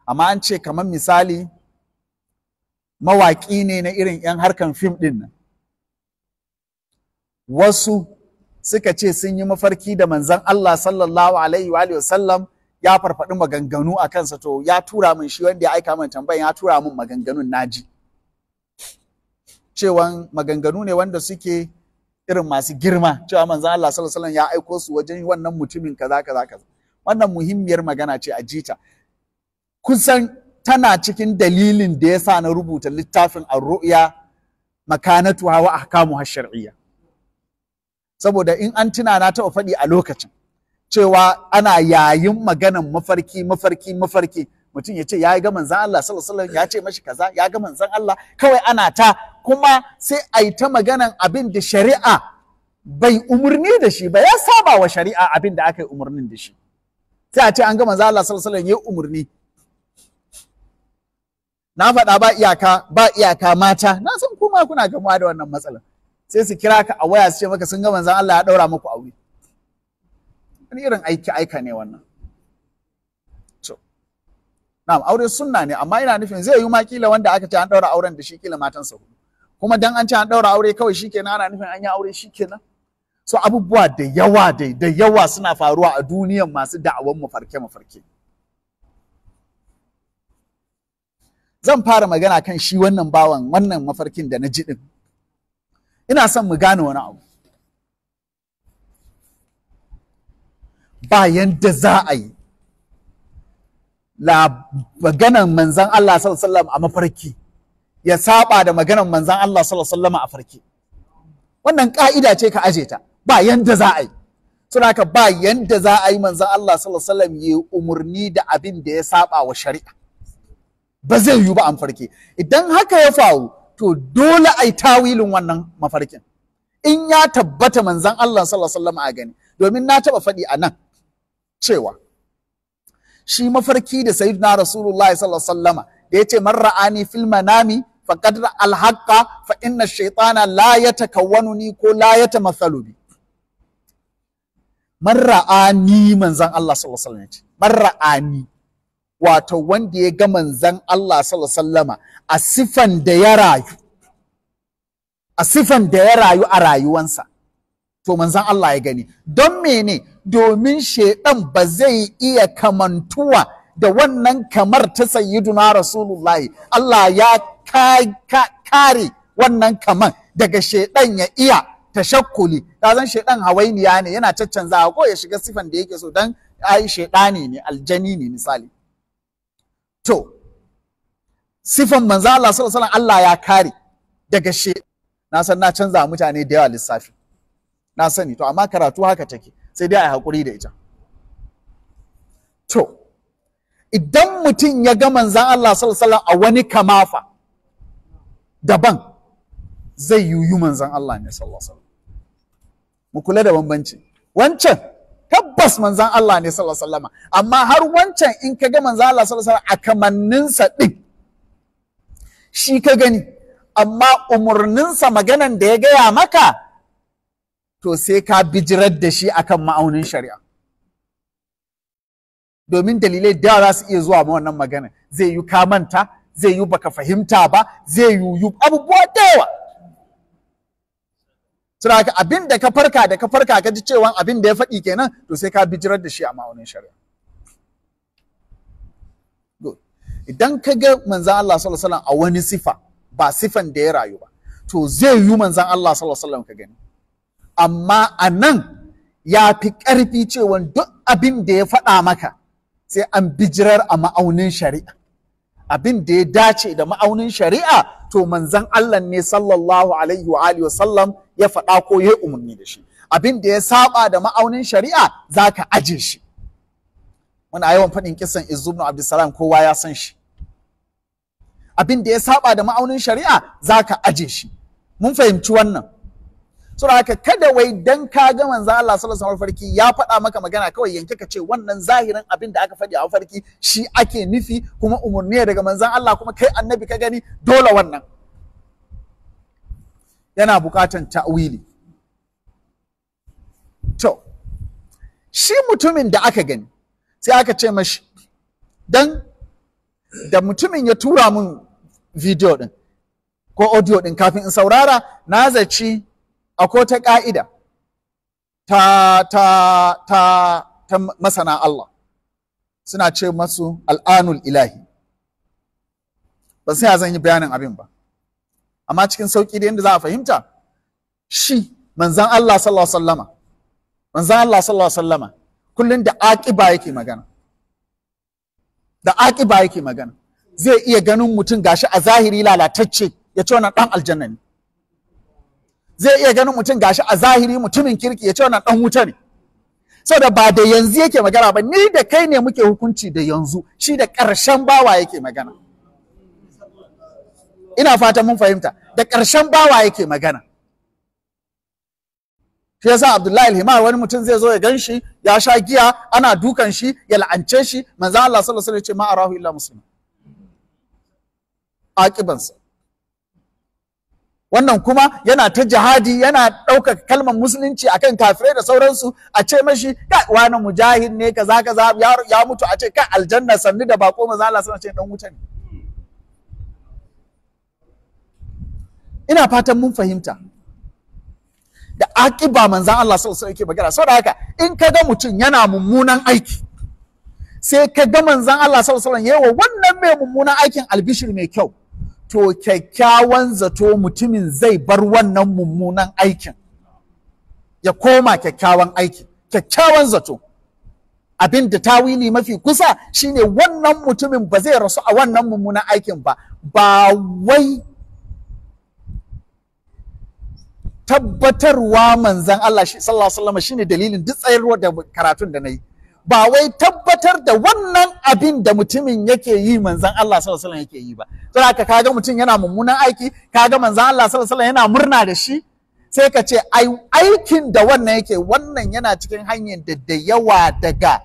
amma an ce kamar misali mawaƙi ne na irin 'yan harkan fim ɗin nan wasu suka ce sun yi mafarki da manzon Allah sallallahu alaihi wa sallam ya farfaɗi maganganu a kansa to ya tura min shi wanda ya aika min tambayan ya tura min maganganun naji cewan maganganu ne wanda suke irin masu girma cewa manzon Allah sallallahu alaihi ya aiko su wajen wannan mutumin kaza kaza kaza wannan muhimmiyar magana ce a jita kusan tana cikin dalilin da sa na rubuta littafin ar-ru'ya makanatu wa ahkamu hash saboda in an tuna na taɓa faɗi a lokacin cewa ana yayin maganan mafarki mafarki mafarki mutum ya ce ya ga manzan Allah sallallahu ya ce mashi kaza ya ga manzan Allah kawai ana ta kuma sai a yi ta maganan abin da shari'a bai umarni da shi ba ya saba wa shari'a abin da aka yi umarnin da shi sai a ce an ga manzan Allah sallallahu ya umarni na faɗa ba iyaka ba iyaka mata na san kuma kuna gamuwa da wannan matsalar sai su kira ka a waya su ce maka sun ga manzan Allah ya daura muku aure wani irin aiki aika ne wannan to na'am aure sunna ne amma ina nufin zai yi ma wanda aka ce an daura auren da shi kila matansa hudu kuma dan an ce an daura aure kawai shikenan ana nufin an yi aure shikenan so abubuwa da yawa da yawa suna faruwa a duniyan masu da'awan mafarke mafarke zan fara magana kan shi wannan bawan wannan mafarkin da na ji din ina son mu gane wani abu ba yadda za a yi maganan manzan Allah sallallahu a mafarki ya saba da maganan manzan Allah sallallahu a farki wannan ka'ida ce ka aje ta ba yadda za a yi suna ka ba yadda za a yi manzan Allah sallallahu ya yi umarni da abin da ya saba wa shari'a ba zai yiwu ba an farke idan haka ya faru to dole a yi tawilin wannan mafarkin in ya tabbata manzan Allah sallallahu alaihi wasallam a gani domin na taba faɗi a nan cewa shi mafarki da sayyidina rasulullahi sallallahu alaihi wasallam da yace man ra'ani fil manami faqad alhaqqa fa inna ash-shaytana la ni ko la yatamathalu bi man ra'ani manzan Allah sallallahu alaihi wasallam yace man ra'ani wato wanda ya ga manzan Allah sallama a sifan da ya rayu a siffan da ya rayu a rayuwansa to manzan Allah ya gani don mene domin shaidan ba zai iya kamantuwa da wannan kamar ta sayyiduna rasulullahi Allah ya kare wannan kaman daga shaidan ya iya tashakkuli ta zan shaidan hawainiya ne yana caccanzawa ko ya shiga sifan da yake so don ai shaidani ne aljani ne misali to sifan manzo Allah sallallahu alaihi Allah ya kare daga she na san na canza mutane da yawa lissafi na sani to amma karatu haka take sai dai a hakuri da ita to idan mutum ya ga manzan Allah sallallahu a wani kamafa daban zai yuyu manzan Allah ne sallallahu mu kula da bambanci wancan tabbas manzan Allah ne sallallahu alaihi amma har wancan in ka ga manzan Allah sallallahu alaihi a kamanninsa din shi ka gani amma umarninsa maganan da ya gaya maka to sai ka bijirar da shi akan ma'aunin shari'a domin dalilai da za su iya zuwa ma wannan magana zai yi ka manta zai yi baka fahimta ba zai yi abubuwa da yawa Sura ka abin da ka farka da ka farka ka ji cewa abin da ya faɗi kenan to sai ka bijirar da shi a ma'aunin shari'a. Idan ka ga manzan Allah sallallahu alaihi wasallam a wani sifa ba sifan da ya rayu ba to zai yi manzan Allah sallallahu alaihi wasallam ka gani. Amma a nan ya fi ƙarfi cewa duk abin da ya faɗa maka sai an bijirar a ma'aunin shari'a. abin da ya dace da ma'aunin shari'a to manzan Allah ne sallallahu alaihi wa alihi sallam ya faɗa ko ya umarni da shi abin da ya saba da ma'aunin shari'a zaka aje shi muna yawan faɗin kisan Izzubnu Abdulsalam kowa ya san shi abin da ya saba da ma'aunin shari'a zaka aje shi mun fahimci wannan saboda haka kada wai dan ka ga manzan Allah sallallahu alaihi farki ya faɗa maka magana kawai yanke ka ce wannan zahirin abin da aka faɗi a farki shi ake nufi kuma umurni daga manzan Allah kuma kai annabi ka gani dole wannan yana buƙatan ta'wili to shi mutumin da aka gani sai aka ce mashi dan da mutumin ya tura mun video din ko audio din kafin in saurara na zaci akwai ta ƙa'ida ta, ta, ta, ta masana Allah suna ce masu al'anul ilahi ba sai zan yi bayanin abin ba amma cikin sauƙi da yadda za a fahimta shi manzan Allah sallallahu sallama manzan Allah sallallahu sallama kullum da aƙiba yake magana da aƙiba yake magana zai iya ganin mutum gashi a zahiri lalatacce ya ci wannan ɗan aljanna ne zai iya ganin mutum gashi a zahiri mutumin kirki ya ce wannan dan wuta ne saboda ba da yanzu yake magana ba ni da kai ne muke hukunci da yanzu shi da ƙarshen bawa yake magana ina fatan mun fahimta da ƙarshen bawa yake magana shi yasa Abdullahi al wani mutum zai zo ya gan shi ya sha giya ana dukan shi ya la'ance shi manzo Allah sallallahu alaihi wasallam ya ce ma arahu illa muslim aqibansa wannan kuma yana ta jihadi yana ɗaukar kalmar musulunci akan kafirai da sauransu a ce mashi ka wani mujahid ne kaza kaza ya mutu a ce ka aljanna sannu da bako maza Allah sana ce dan wuta ne ina fatan mun fahimta da ba manzan Allah sallallahu alaihi wasallam saboda haka in ka ga mutum yana mummunan aiki sai ka ga manzan Allah sallallahu alaihi wasallam wa wannan mai mummunan aikin albishir mai kyau to kyakkyawan zato mutumin zai bar wannan mummunan aikin ya koma kyakkyawan aiki kyakkyawan zato abin da tawili mafi kusa shine wannan mutumin ba zai rasu a wannan mummunan aikin ba ba wai tabbatarwa manzan Allah sallallahu alaihi shine dalilin duk tsayarwa da karatun da na yi ba wai tabbatar da wannan abin da mutumin yake yi manzan Allah sallallahu yake yi ba saboda haka kaga mutum yana mummunan aiki kaga manzan Allah sallallahu yana murna da shi sai ka ce aikin da wannan yake wannan yana cikin hanyar da da yawa daga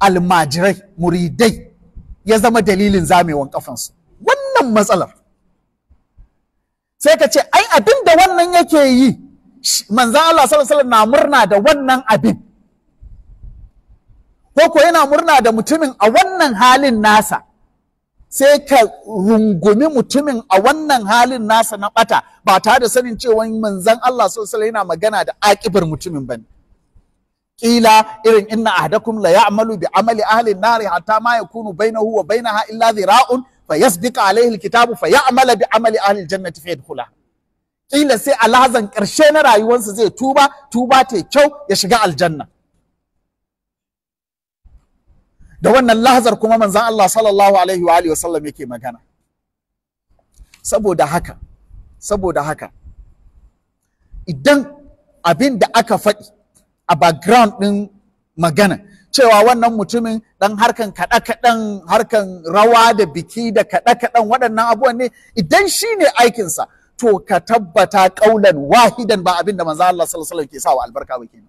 almajirai muridai ya zama dalilin zamewan kafansu wannan matsalar sai ka ce ai abin da wannan yake yi manzan Allah sallallahu na murna da wannan abin ko yana murna da mutumin a wannan halin nasa sai ka rungumi mutumin a wannan halin nasa na bata ba tare da sanin cewa manzan Allah sallallahu yana magana da akibar mutumin bane kila irin inna ahdakum la ya'malu bi amali ahli nari hatta ma yakunu bainahu wa bainaha illa dhira'un fa yasbiqu alayhi kitabu fa amala bi amali ahli Jannati fa yadkhula kila sai alhazan karshe na rayuwarsa zai tuba tuba ta kyau ya shiga aljanna da wannan lahazar kuma manzan Allah sallallahu alaihi wa alihi yake magana saboda haka saboda haka idan abin da aka faɗi a background ɗin magana cewa wannan mutumin ɗan harkan kaɗa-kaɗan harkan rawa da biki da kaɗa kaɗan waɗannan abubuwan ne idan shi ne aikinsa to ka tabbata ƙaulan wahidan ba abin da manzan Allah sallallahu alaihi wasallam ke sawa albarka ba kenan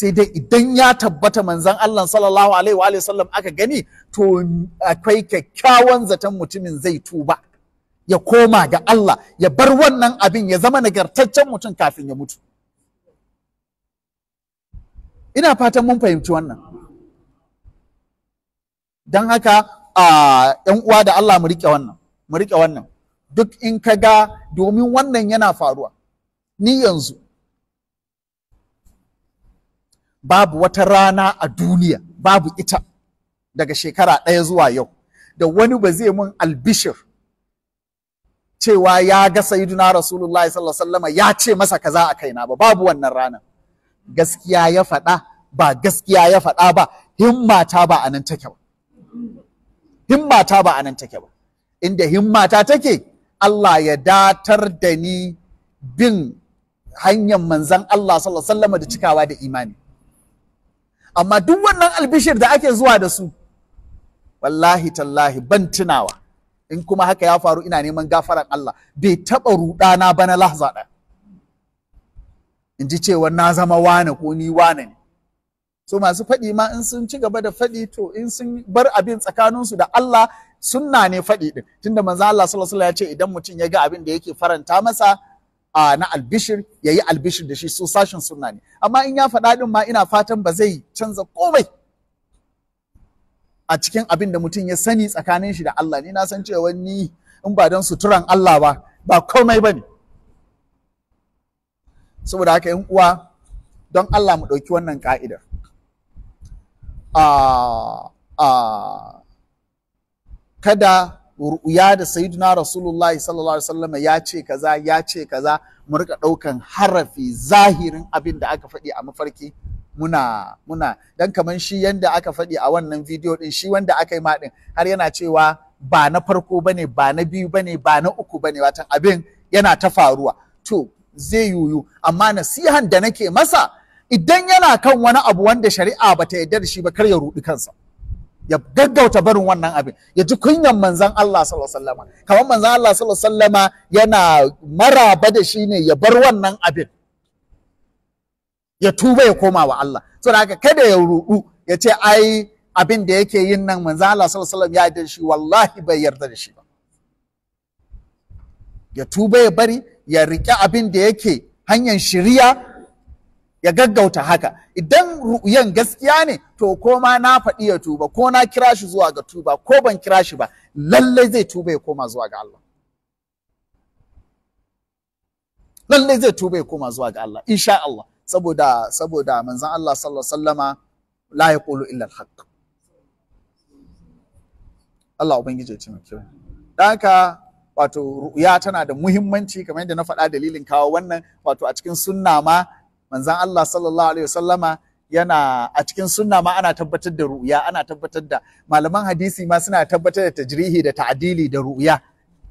sai dai idan ya tabbata manzan Allah sallallahu alaihi wa sallam aka gani to akwai kyakkyawan zaton mutumin zai tuba ya koma ga Allah ya bar wannan abin ya zama nagartaccen mutum kafin ya mutu ina fatan mun fahimci wannan don haka a yan uwa da Allah mu rike wannan mu riƙe wannan duk in ka ga domin wannan yana faruwa ni yanzu babu wata rana a duniya babu ita daga shekara ɗaya zuwa yau da wani ba zai mun albishir cewa ya ga sayyiduna rasulullahi sallallahu alaihi wasallam ya ce masa kaza a kaina ba babu wannan rana gaskiya ya faɗa ba gaskiya ya faɗa ba himmata ba anan take ba himmata ba anan take ba inda himmata take Allah ya datar da ni bin hanyar manzon Allah sallallahu alaihi wasallam da cikawa da imani amma duk wannan albishir da ake zuwa da su wallahi tallahi ban tunawa in kuma haka ya faru ina neman gafaran Allah bai taɓa ruɗana ba na lahza ɗaya in ji cewa na zama wane ko ni wane ne so masu faɗi ma in sun ci gaba da faɗi to in sun bar abin tsakaninsu da Allah sunna ne faɗi ɗin tunda manzo Allah sallallahu alaihi ya ce idan mutum ya ga abin da yake faranta masa a na albishir ya yi albishir da shi su sashen suna ne amma in ya faɗa ɗin ma ina fatan ba zai canza komai a cikin abin da mutum ya sani tsakanin shi da Allah ni na san cewa ni in ba don suturan Allah ba ba komai ba ne saboda haka yan uwa don Allah mu ɗauki wannan ka'idar kada ru'ya da sayyiduna rasulullahi sallallahu alaihi wasallam ya ce kaza ya ce kaza mu rika daukan harafi zahirin abin da aka faɗi a mafarki muna muna dan kaman shi yanda aka faɗi a wannan bidiyo din shi wanda aka yi ma din har yana cewa ba na farko bane ba na biyu bane ba na uku bane watan abin yana ta faruwa to zai yuyu amma nasihan da nake masa idan yana kan wani abu wanda shari'a bata yarda da shi ba kar ya rudi kansa ya gaggauta barin wannan abin ya ji kunyan manzan Allah sallallahu alaihi wasallam kamar manzan Allah sallallahu alaihi wasallam yana maraba da shi ne ya bar wannan abin ya tuba ya koma wa Allah da haka kada ya rudu ya ce ai abin da yake yin nan manzan Allah sallallahu alaihi wasallam ya yarda shi wallahi bai yarda da shi ba ya tuba ya bari ya riƙe abin da yake hanyar shiriya ya gaggauta haka idan ru'yan gaskiya ne to ko ma na faɗi ya tuba ko na kira shi zuwa ga tuba ko ban kira shi ba lallai zai tuba ya koma zuwa ga Allah lallai zai tuba ya koma zuwa ga Allah insha Allah saboda saboda manzon Allah sallallahu alaihi wasallama la yaqulu illa al-haq Allah ubangiji ya taimake mu dan haka wato ru'ya tana da muhimmanci kamar yadda na faɗa dalilin kawo wannan wato a cikin sunna ma manzon Allah sallallahu alaihi wasallama yana a cikin sunna ma ana tabbatar da ru'ya ana tabbatar da malaman hadisi ma suna tabbatar da tajrihi da ta'adili da ru'ya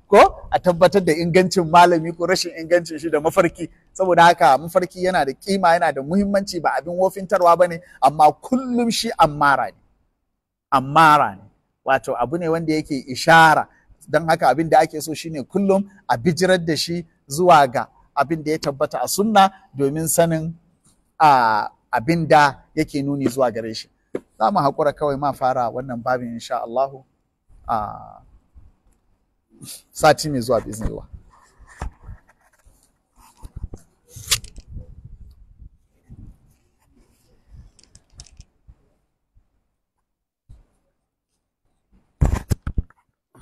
ko a tabbatar da ingancin malami ko rashin ingancin shi da mafarki saboda haka mafarki yana da kima yana da muhimmanci ba abin wofintarwa ba ne amma kullum shi ammara ne ammara ne wato abu ne wanda yake ishara don haka abin da ake so shine kullum a bijirar da shi zuwa ga abin da ya tabbata a sunna domin sanin a abin da yake nuni zuwa gare shi za mu haƙura kawai ma fara wannan babin insha Allahu a sati mai zuwa bizinillah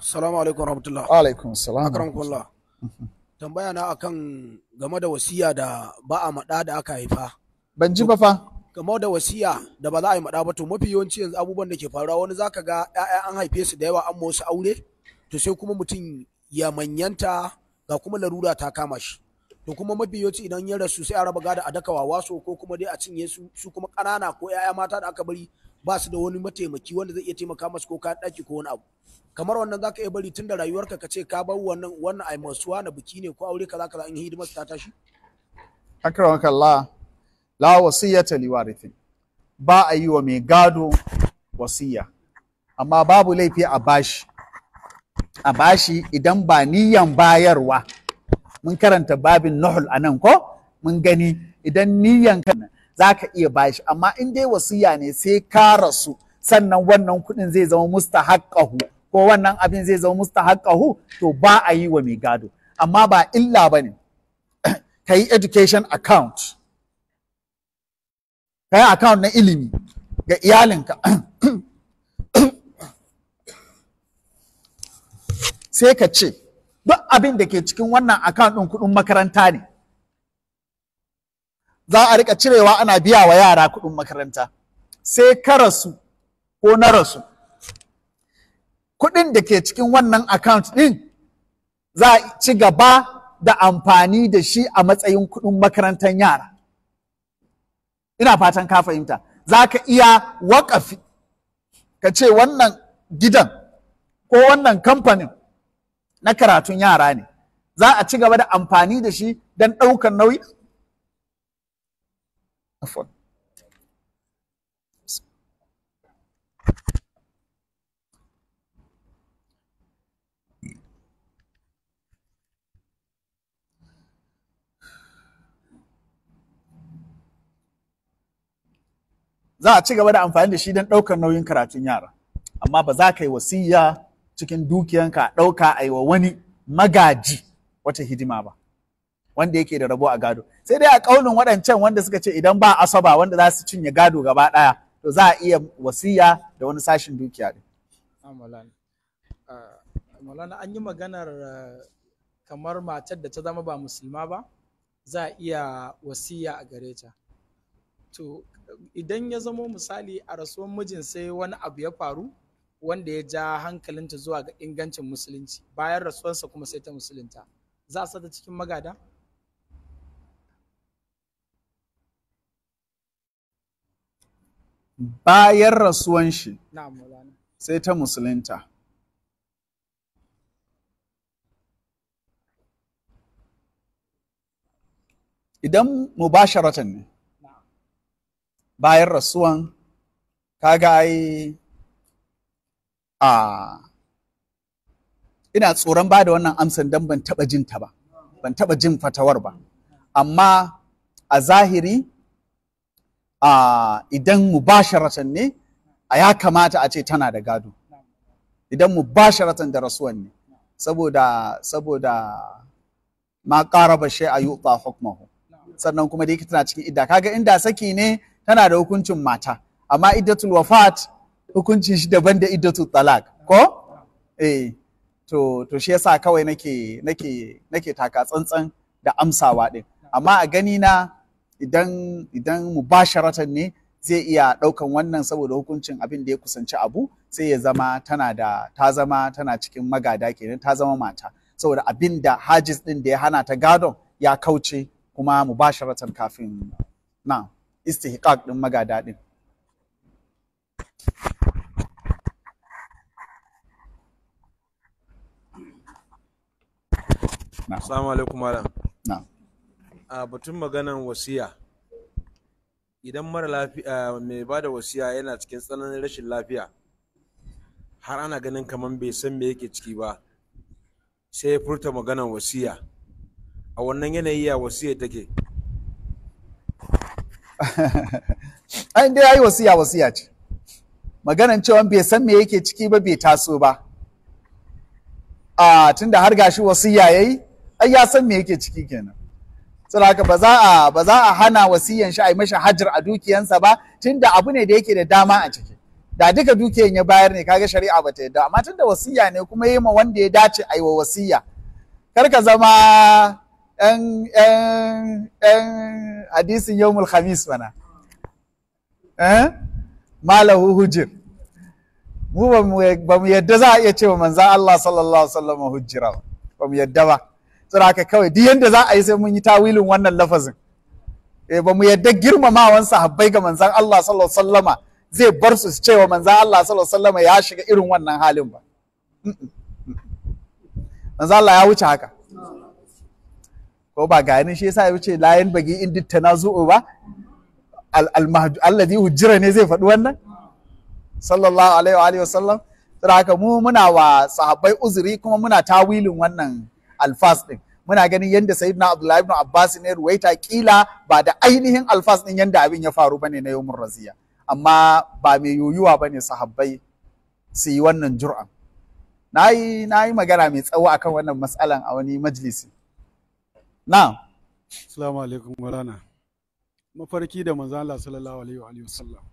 Assalamu alaikum Wa Alaikum salam. tambaya na akan game da wasiya da ba a maɗa da aka haifa. Ban ji ba fa. Game da wasiya da ba za a yi maɗa ba to mafi yawanci yanzu abubuwan da ke faruwa wani zaka ga ‘ya'ya an haife su da yawa an wasu aure to sai kuma mutum ya manyanta ga kuma larura ta kama shi. To kuma mafi yawanci idan ya rasu sai a raba gada a dakawa waso ko kuma dai a cinye su su kuma ƙanana ko ‘ya'ya mata da aka bari ba su da wani mataimaki wanda zai iya taimaka masu ko ka ɗaki ko wani abu kamar wannan zaka iya bari tun da rayuwarka ka ce ka bar wannan wannan ai masuwa na biki ne ko aure kaza kaza in hidimar ta tashi akramaka Allah la wasiyata warithin ba a yi wa mai gado wasiya amma babu laifi a bashi a bashi idan ba niyan bayarwa mun karanta babin nuhul anan ko mun gani idan niyan kana za ka iya bashi amma in dai wasiya ne sai ka rasu sannan wannan kuɗin zai zama mustahaqqahu ko wannan abin zai zama mustahaqqahu to ba a yi wa mai gado amma ba illa bane ka yi education account ka yi account na ilimi ga iyalinka sai ka ce duk abin da ke cikin wannan account ɗin kuɗin makaranta ne za a rika cirewa ana biya wa yara kuɗin makaranta sai ka rasu ko na rasu kuɗin da ke cikin wannan account ɗin za a ci gaba da amfani da shi a matsayin kuɗin makarantar yara ina fatan ka fahimta za ka iya wakafi ka ce wannan gidan ko wannan kamfanin na karatun yara ne za a ci gaba da amfani da shi don ɗaukar nauyi davon za a ci gaba da amfani da shi don ɗaukar nauyin karatun yara amma ba za ka yi wasiya cikin dukiyanka a ɗauka a yi wa wani magaji wata hidima ba wanda yake da rabo a gado sai dai a ƙaunin waɗancan wanda suka ce idan ba asaba wanda za su cinye gado gaba ɗaya to za a iya wasiya da wani sashin dukiya ɗin. Ah, ah, Maulana an yi maganar eh, kamar matar da ta zama ba musulma ba za a iya wasiya a gare ta. To idan ya zamo misali a rasuwar mijin sai wani abu ya faru wanda ya ja hankalinta zuwa ga ingancin musulunci bayan rasuwarsa kuma sai ta musulunta za a sata cikin magada? bayan rasuwan shi sai ta musulunta idan mu mubasharatan ne bayan rasuwan kaga ai a ina tsoron ba da wannan amsan don ban taɓa jin ta ba ban taɓa jin fatawar ba amma a zahiri idan mu mubasharatan ne a ya kamata a ce tana da gado idan mubasharatan da rasuwan ne saboda saboda ma a shay'a ba hukmahu sannan kuma dai tana cikin idda kaga inda saki ne tana da hukuncin mata amma iddatul wafat hukuncin shi daban da iddatul talak ko eh to to shi yasa kawai nake nake nake taka tsantsan da amsawa din amma a gani na idan idan sharatan ne zai iya ɗaukan wannan saboda hukuncin abin da ya kusanci abu sai ya zama tana da ta zama tana cikin magada kenan ta zama mata saboda abin da hajis ɗin da ya hana ta gadon ya kauce kuma mu ba sharatan kafin na istihqaq ɗin magada ɗin Assalamu alaikum malam. a batun maganan wasiya idan mara lafiya mai ba da wasiya yana cikin tsananin rashin lafiya har ana ganin kamar bai san me yake ciki ba sai ya furta maganan wasiya a wannan yanayi ya wasiya take *laughs* ai dai ai wasiya wasiya ce maganan cewa bai san me yake ciki ba bai taso ba a tunda har gashi wasiya yayi ai ya san me yake ciki kenan saboda ba za a ba za a hana wasiyan shi a yi mashi hajar a dukiyansa ba tunda abu ne da yake da dama a ciki da duka dukiyan ya bayar ne kaga shari'a ba bata yadda amma tunda wasiya ne kuma yi ma wanda ya dace a yi wa wasiya kar ka zama ɗan ɗan hadisin yawmul khamis mana eh malahu hujir mu ba mu yadda za a iya cewa manzan Allah sallallahu alaihi wasallam hujjira ba mu yadda ba tsiraka kawai duk yadda za a yi sai mun yi tawilin wannan lafazin eh ba mu yadda girmamawan sahabbai ga manzan Allah sallallahu alaihi wasallama zai bar su cewa manzan Allah sallallahu alaihi wasallama ya shiga irin wannan halin ba manzan Allah ya wuce haka ko ba ga ni shi yasa ya wuce layan bagi in dittana zu'u ba alladhi hujjira ne zai faɗi wannan sallallahu alaihi wa sallam saboda haka mu muna wa sahabbai uzuri kuma muna tawilin wannan alfas din muna ganin yadda sayyidina abdullahi ibn abbas ne ruwaita kila ba da ainihin alfas din yadda abin ya faru bane na yawmur raziya amma ba mai yoyuwa bane sahabbai su yi wannan jura. na yi magana mai tsawo akan wannan matsalan a wani majalisi na assalamu alaikum warana mafarki da manzo Allah sallallahu alaihi wa sallam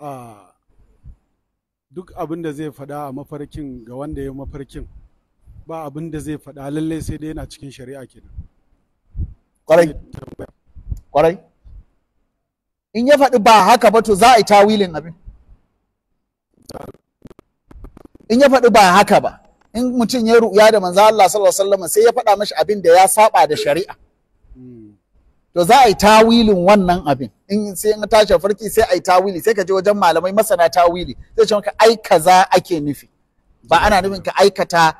ah, duk abin da zai faɗa a mafarkin ga wanda ya mafarkin ba abin da zai faɗa lallai sai dai yana cikin shari'a kenan kwarai kwarai in ya faɗi ba haka ba to za a yi tawilin abin in ya faɗi ba haka ba in mutum ya ruya da manzo Allah sallallahu alaihi wasallam sai ya faɗa mashi abin da ya saba da shari'a hmm. to za a yi tawilin wannan abin in sai in tashi farki sai a yi tawili sai ka je wajen malamai masana tawili sai ce maka ai kaza ake nufi ba ana nufin ka aikata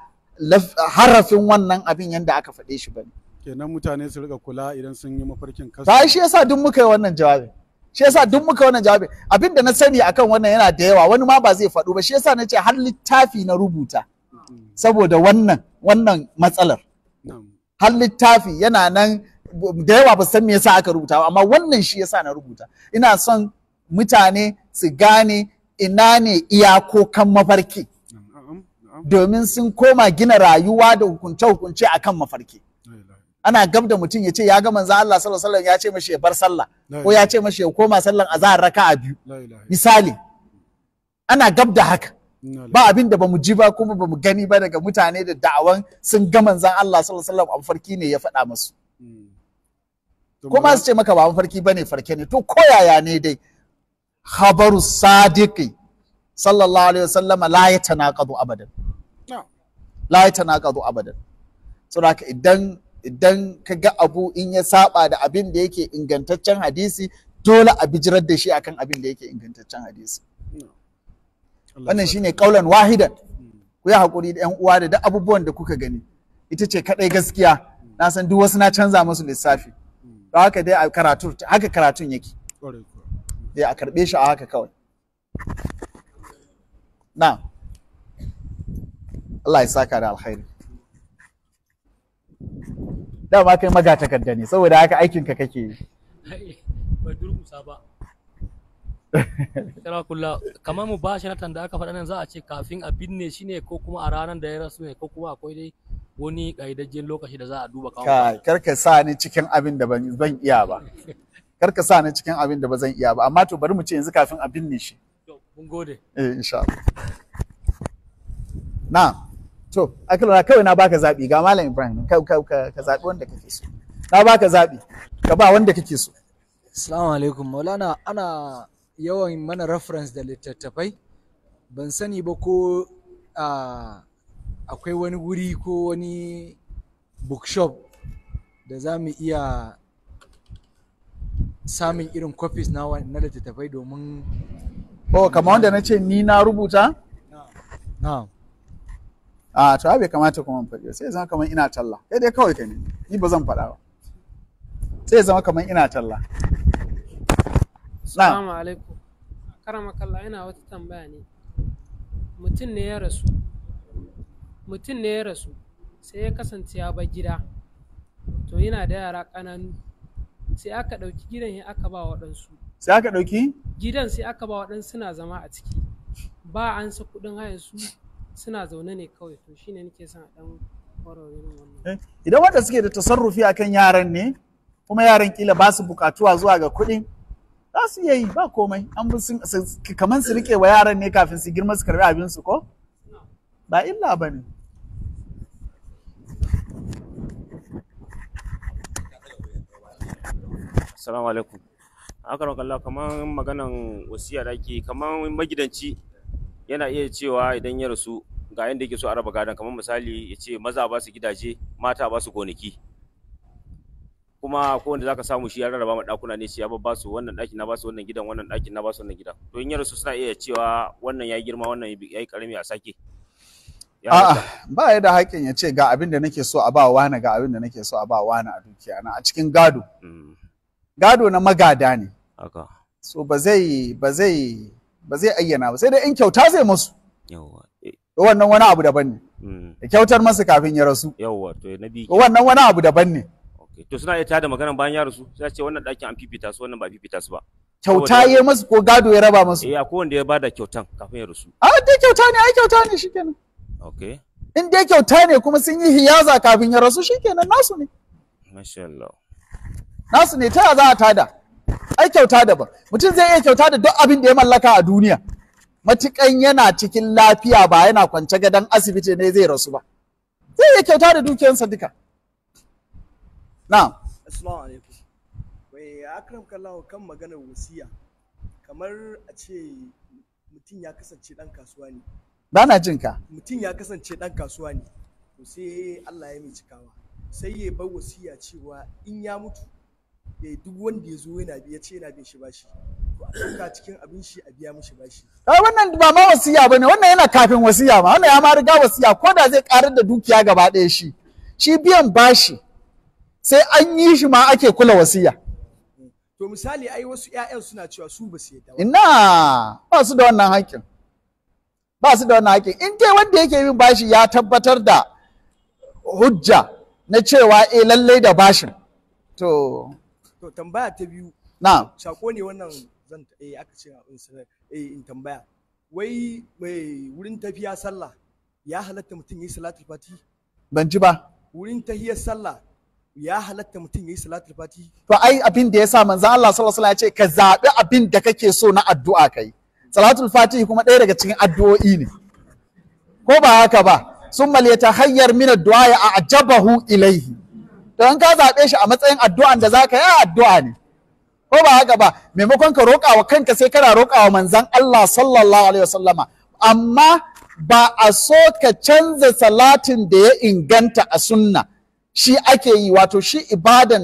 harafin wannan abin yadda aka faɗe shi bane kenan mutane su riga kula idan sun yi mafarkin kasu ta shi yasa duk muka yi wannan jawabin shi yasa duk muka wannan jawabin abin da na sani akan wannan yana da yawa wani ma ba zai faɗo ba shi yasa na ce har littafi na rubuta saboda wannan wannan matsalar har littafi yana nan da yawa ba san me yasa aka rubuta amma wannan shi yasa na rubuta ina son mutane su gane ina ne iyakokan mafarki domin sun koma gina rayuwa da hukunce-hukunce kan mafarki. ana gab da mutum ya ce ya ga manzo Allah sallallahu alaihi ya ce mashi ya bar sallah ko ya ce mashi ya koma sallan raka raka'a biyu misali ana gab da haka ba abin da bamu ji ba kuma bamu gani ba daga mutane da da'awan sun ga manzon Allah sallallahu alaihi wasallam farki ne ya faɗa musu hmm. ma su ce maka ba farki bane farke ne to koyaya ne dai khabaru sadiqi sallallahu alaihi wasallam la yatanaqadu abadan la ya tanaqadu abadan saboda idan idan ka ga abu in ya saba da abin da yake ingantaccen hadisi dole a bijirar da shi akan abin da yake ingantaccen hadisi wannan shine kaulan wahidan hmm. ku yi hakuri da yan uwa da duk abubuwan da kuka gani ita ce kadai gaskiya na san duk wasu na canza musu lissafi hmm. Da haka dai a karatu haka karatun yake dai a karbe shi a haka kawai na Allah ya saka da alkhairi dama kai magatakarda ne saboda haka aikinka kake yi ba durkusa ba Karakulla kamar mu bashi natan da aka faɗa nan za a ce kafin a binne shi ne ko kuma a ranar da ya rasu ne ko kuma akwai dai wani ƙa'idajjen lokaci da za a duba kawo. Kar ka sa ni cikin abin da ban iya ba. Kar ka sa ni cikin abin da ba zan iya ba amma to bari mu ce yanzu kafin a binne shi. Mun gode. Eh insha Allah. Na'am. so akalla kawai na baka zabi ga malam Ibrahim ka ka ka zabi wanda kake so na baka zabi ka ba wanda kake so assalamu alaikum maulana ana yawan mana reference da littattafai ban sani ba ko akwai wani wuri ko wani bookshop da za mu iya samun irin copies na na littattafai domin oh kamar wanda na ce ni na rubuta na'am a to bai kamata kuma in faɗi sai zama kamar ina talla kai dai kawai kai ne ni ba zan faɗa ba sai zama kamar ina talla Assalamu alaikum karama kalla ina wata tambaya ne mutum ne ya rasu mutum ne ya rasu sai ya kasance ya bar gida to yana da yara ƙananu sai aka ɗauki gidan ya aka ba waɗansu sai aka ɗauki gidan sai aka ba waɗansu suna zama a ciki ba an sa kuɗin hayan su suna zaune ne kawai to shine nake son a dan wannan eh, idan wanda suke da tasarrufi akan yaran ne kuma yaran kila ba su bukatuwa zuwa ga kuɗi, za su iya yi ba komai an bi sun kaman su rike wa yaran ne kafin su girma su karbi abin su ko ba illa ba ne Assalamu alaikum. Haka kamar maganan wasiya da ake kamar magidanci yana iya cewa idan ya rasu ga yadda yake so a raba gadon kamar misali ya ce maza ba su gidaje mata ba su gonaki kuma ko wanda zaka samu shi ya rarraba ma dakuna ne shi ya ba su wannan daki na ba su wannan gidan wannan daki na ba su wannan gidan to in ya rasu suna iya cewa wannan ya girma wannan ya yi karami a sake a'a ba ya da haƙƙin ya ce ga abin da nake so a ba wani ga abin da nake so a ba wani a dukiya na a cikin gado mm. gado na magada ne so ba zai ba zai ba zai ayyana ba sai dai in kyauta zai musu eh. wannan wani abu daban ne da mm. kyautar masu kafin ya rasu yawa to na bi wannan wani abu daban ne to suna yata da magana bayan ya rasu sai ce wannan ɗakin an fifita su wannan ba fifita su ba kyauta ya masu ko gado ya raba masu eh akwai wanda ya bada kyautan kafin ya rasu a ah, dai kyauta ne ai kyauta ne shikenan okay in dai kyauta ne kuma sun yi hiyaza kafin ya rasu shikenan nasu ne masha Allah nasu ne ta za a tada ai kyauta daban mutum zai iya kyauta da duk abin da ya mallaka a duniya matukan yana cikin lafiya ba yana kwance gadon asibiti ne zai rasu ba zai iya kyauta da dukiyarsa duka na'am assalamu alaikum wai akram kallahu kan maganar wasiya kamar a ce mutum ya kasance dan kasuwa ne ba na jin ka mutum ya kasance dan kasuwa ne to sai Allah ya mai cikawa sai ya bar wasiya cewa in ya mutu duk wanda ya zo yana biya ce yana bin shi bashi ka cikin abin shi a biya mishi bashi ai wannan ba ma wasiya bane wannan yana kafin wasiya ma wannan ya ma riga wasiya ko da zai karar da dukiya gaba ɗaya shi shi biyan bashi sai an yi shi ma ake kula wasiya to misali ai wasu ƴaƴan suna cewa su ba su yadda ina ba su da wannan haƙƙin ba su da wannan haƙƙin in dai wanda yake bin bashi ya tabbatar da hujja na cewa eh lallai da bashin to to tambaya ta biyu na Shako ne wannan zan eh aka ce in eh, tambaya wai mai wurin tafiya sallah ya halatta mutum yi salatul fati ban ji ba wurin tahiyar sallah ya halatta mutum yi salatul fati to ai abin da yasa manzo Allah sallallahu alaihi wasallam ya ce ka zabi abin da kake so na addu'a kai salatul fati kuma ɗaya daga cikin addu'o'i ne ko ba haka ba summa liyatahayyar min addu'a dua ajabahu ilaihi. don ka zaɓe shi a matsayin addu'an da za ka yi addu'a ne ko ba haka ba maimakon ka roƙa wa kanka sai kana roƙa wa manzon Allah sallallahu alaihi wasallama amma ba a so ka canza salatin da ya inganta a sunna shi ake yi wato shi ibadan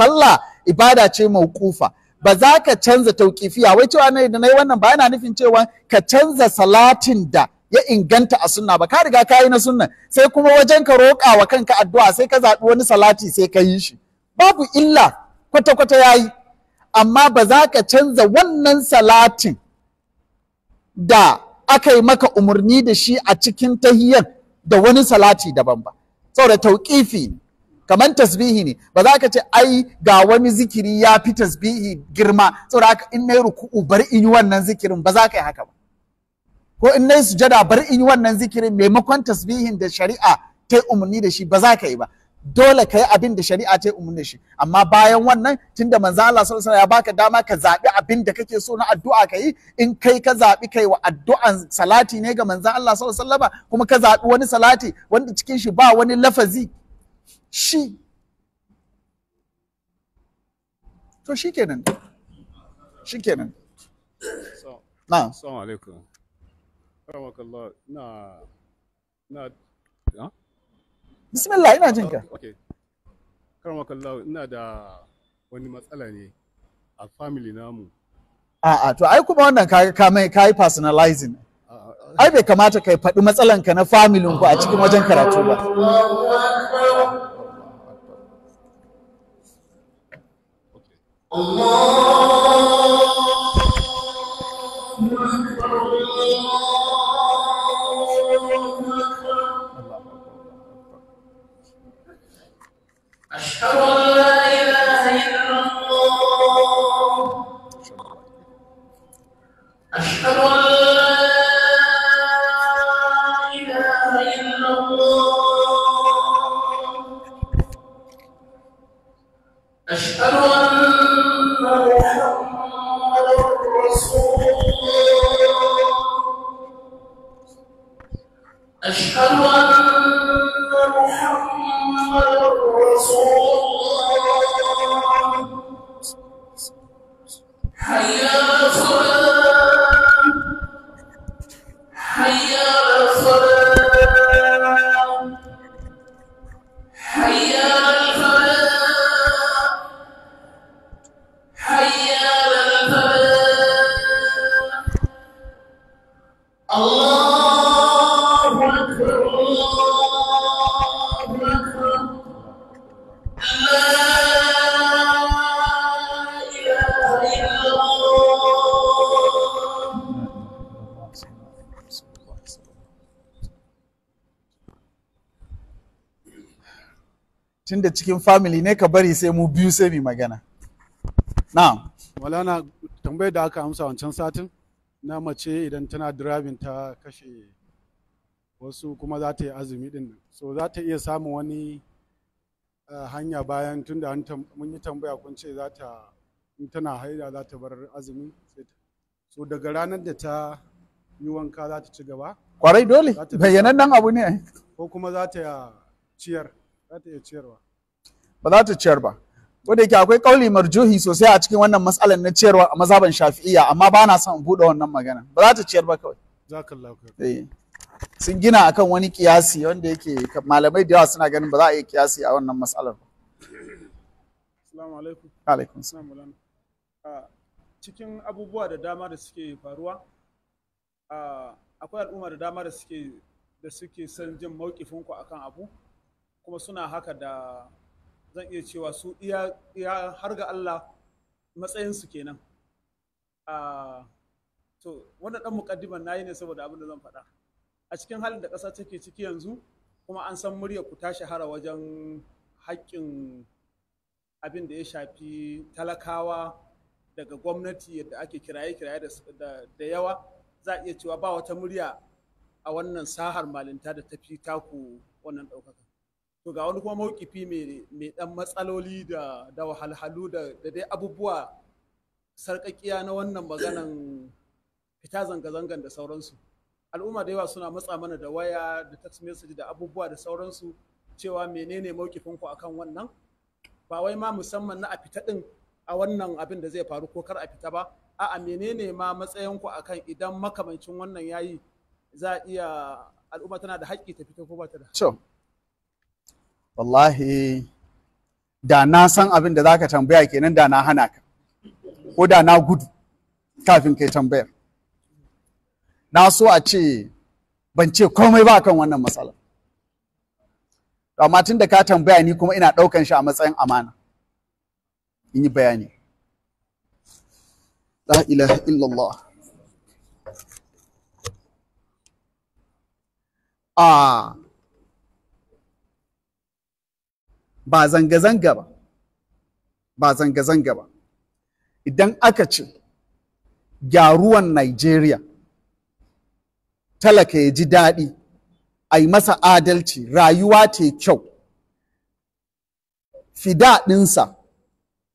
sallah ibada ce mauqufa ba za ka canza tauƙifiya wai cewa ne da na wannan ba yana nufin cewa ka canza salatin da ya inganta a sunna ba ka riga ka yi na sunna sai kuma wajen ka roƙa wa kanka addu'a sai ka zaɓi wani salati sai ka yi shi babu illa kwata-kwata ya yi amma ba za ka canza wannan salatin da aka yi maka umarni da shi a cikin tahiyar da wani salati daban ba saboda tauƙifi kamar tasbihi ne ba za ka ce ai ga wani zikiri ya fi tasbihi girma saboda haka in na yi ruku'u bar in yi wannan zikirin ba za ka yi haka ba ko in nayi sujada bar in yi wannan zikirin maimakon tasbihin da shari'a ta umarni da shi ba za ka yi ba dole ka yi abin da shari'a ta umarni da shi amma bayan wannan tunda manzo Allah sallallahu alaihi ya baka dama ka zabi abin da kake so na addu'a ka yi in kai ka zabi kai wa addu'an salati ne ga manzo Allah sallallahu alaihi wasallam kuma ka zabi wani salati wanda cikin shi ba wani lafazi shi to shikenan shikenan assalamu alaikum Ramakallah, ina da wani matsala ne a family namu. A'a, to ai kuma wannan ka yi personalizing. Ai bai kamata ka faɗi matsalanka na familin ku a cikin wajen karatu ba. Allah cikin family ne ka bari sai mu biyu sai mu magana na'am walana tambayar da aka amsa wancan satin na mace idan tana driving ta kashe wasu kuma za ta yi azumi din nan so za ta iya samun wani eh, hanya bayan tunda mun yi tambaya kun ce za ta in tana haida za ta bar azumi so daga ranar da ta yi wanka za ta ci gaba kwarai dole bayanan nan abu ne ko kuma za ta ciyar za ta iya ciyarwa ba za ta ciyar ba wanda yake akwai kauli marjuhi sosai a cikin wannan matsalar na ciyarwa a mazhaban shafi'iyya amma ba na son buɗe wannan magana ba za ta ciyar ba kawai eh. sun gina akan wani kiyasi wanda yake malamai da yawa suna ganin ba za a yi kiyasi a wannan matsalar ba alaikum cikin abubuwa da dama da suke faruwa akwai al'umma da dama da suke son jin mawkifinku akan abu kuma suna haka da zan iya cewa su iya har ga Allah matsayinsu kenan ah, to wannan dan mukaddiman nayi ne saboda abin da zan faɗa a cikin halin da ƙasa take ciki yanzu kuma an san murya ku ta shahara wajen haƙƙin abin da ya shafi talakawa daga gwamnati yadda ake kiraye-kiraye da yawa za a iya cewa ba wata murya a wannan sahar malinta da tafi taku wannan ɗaukaka to ga wani kuma mawukifi mai dan matsaloli da da wahalhalu da dai abubuwa sarkakkiya na wannan maganan fita zanga-zangan da sauransu al'umma da yawa suna matsa mana da waya da text message da abubuwa da sauransu cewa menene ku akan wannan ba wai ma musamman na a fita din a wannan abin da zai faru ko kar a fita ba a'a menene ma matsayinku akan idan makamancin wannan yayi za a iya al'umma tana da haƙƙi ta fito ko ba ta da wallahi da na san abin da zaka tambaya kenan da na hana ka ko da na gudu kafin kai tambayar na so a ce ban ce komai ba kan wannan matsala amma tun da ka tambaya ni kuma ina ɗaukan shi a matsayin amana in yi bayani la ilaha illallah a ah, ba zanga-zanga ba ba zanga-zanga ba idan aka ce gyaruwan Najeriya talaka ya ji daɗi a yi masa adalci rayuwa ta kyau fida ɗinsa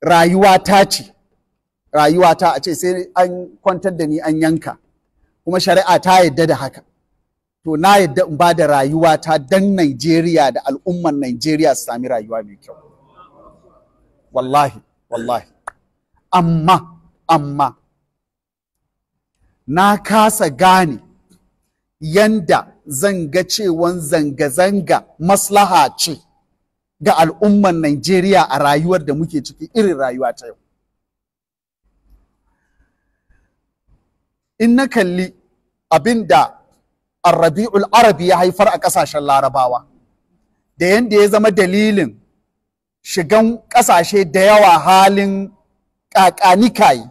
rayuwa ta ce rayuwa ta a ce sai an kwantar da ni an yanka kuma shari'a ta yadda da haka to na yadda in ba da rayuwata dan Najeriya da al'umman Najeriya su sami rayuwa mai kyau wallahi wallahi amma amma na kasa gane yanda zan ga cewan zanga-zanga maslaha ce ga al'umman Najeriya a rayuwar da muke ciki irin rayuwa ta yau. In na kalli abin da Arrabi'ul Arabi ya haifar a ƙasashen Larabawa da yadda ya zama dalilin shigan ƙasashe da yawa halin ƙaƙanikayi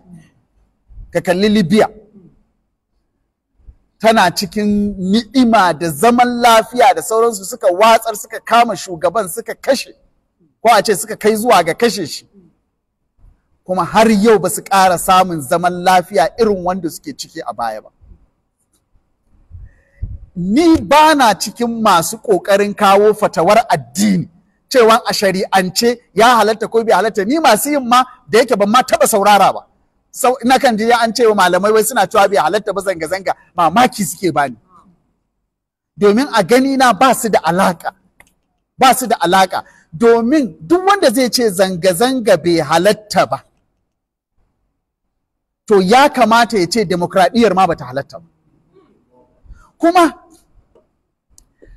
ka kalli Libya tana cikin ni'ima da zaman lafiya da sauransu suka watsar suka kama shugaban suka kashe ko a ce suka kai zuwa ga kashe shi kuma har yau ba su ƙara samun zaman lafiya irin wanda suke ciki a baya ba ni ba na cikin masu ƙoƙarin kawo fatawar addini cewa a shari'ance ya halatta ko bai halatta ni masu yin ma da yake ban ma taɓa saurara ba sau ina kan ji an cewa malamai wai suna cewa bai halatta ba zanga-zanga mamaki suke bani domin a gani na ba su da alaka ba su da alaka domin duk wanda zai ce zanga-zanga bai halatta ba to ya kamata ya ce demokradiyyar ma bata halatta ba kuma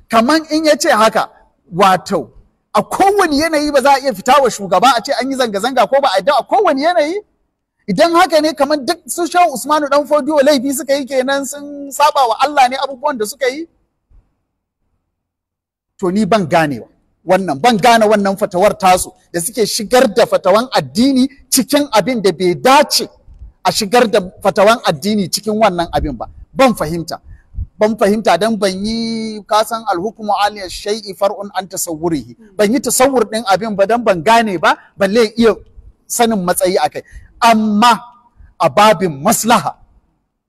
kamar in yace haka wato a kowane yanayi ba za a iya fita wa shugaba a ce an yi zanga-zanga ko ba a da a kowane yanayi idan haka ne kamar duk su sha usmanu dan fodiyo laifi suka yi kenan sun saba wa Allah ne abubuwan da suka yi to ni ban gane wannan ban gane wannan fatawar tasu da suke shigar da fatawan addini cikin abin da bai dace a shigar da fatawan addini cikin wannan abin ba ban fahimta ban fahimta dan ban yi kasan alhukumu aliyar shay'i far'un an tasawwurihi hmm. ban yi tasawwur ɗin abin ba dan ban gane ba balle iya sanin matsayi akai amma a babin maslaha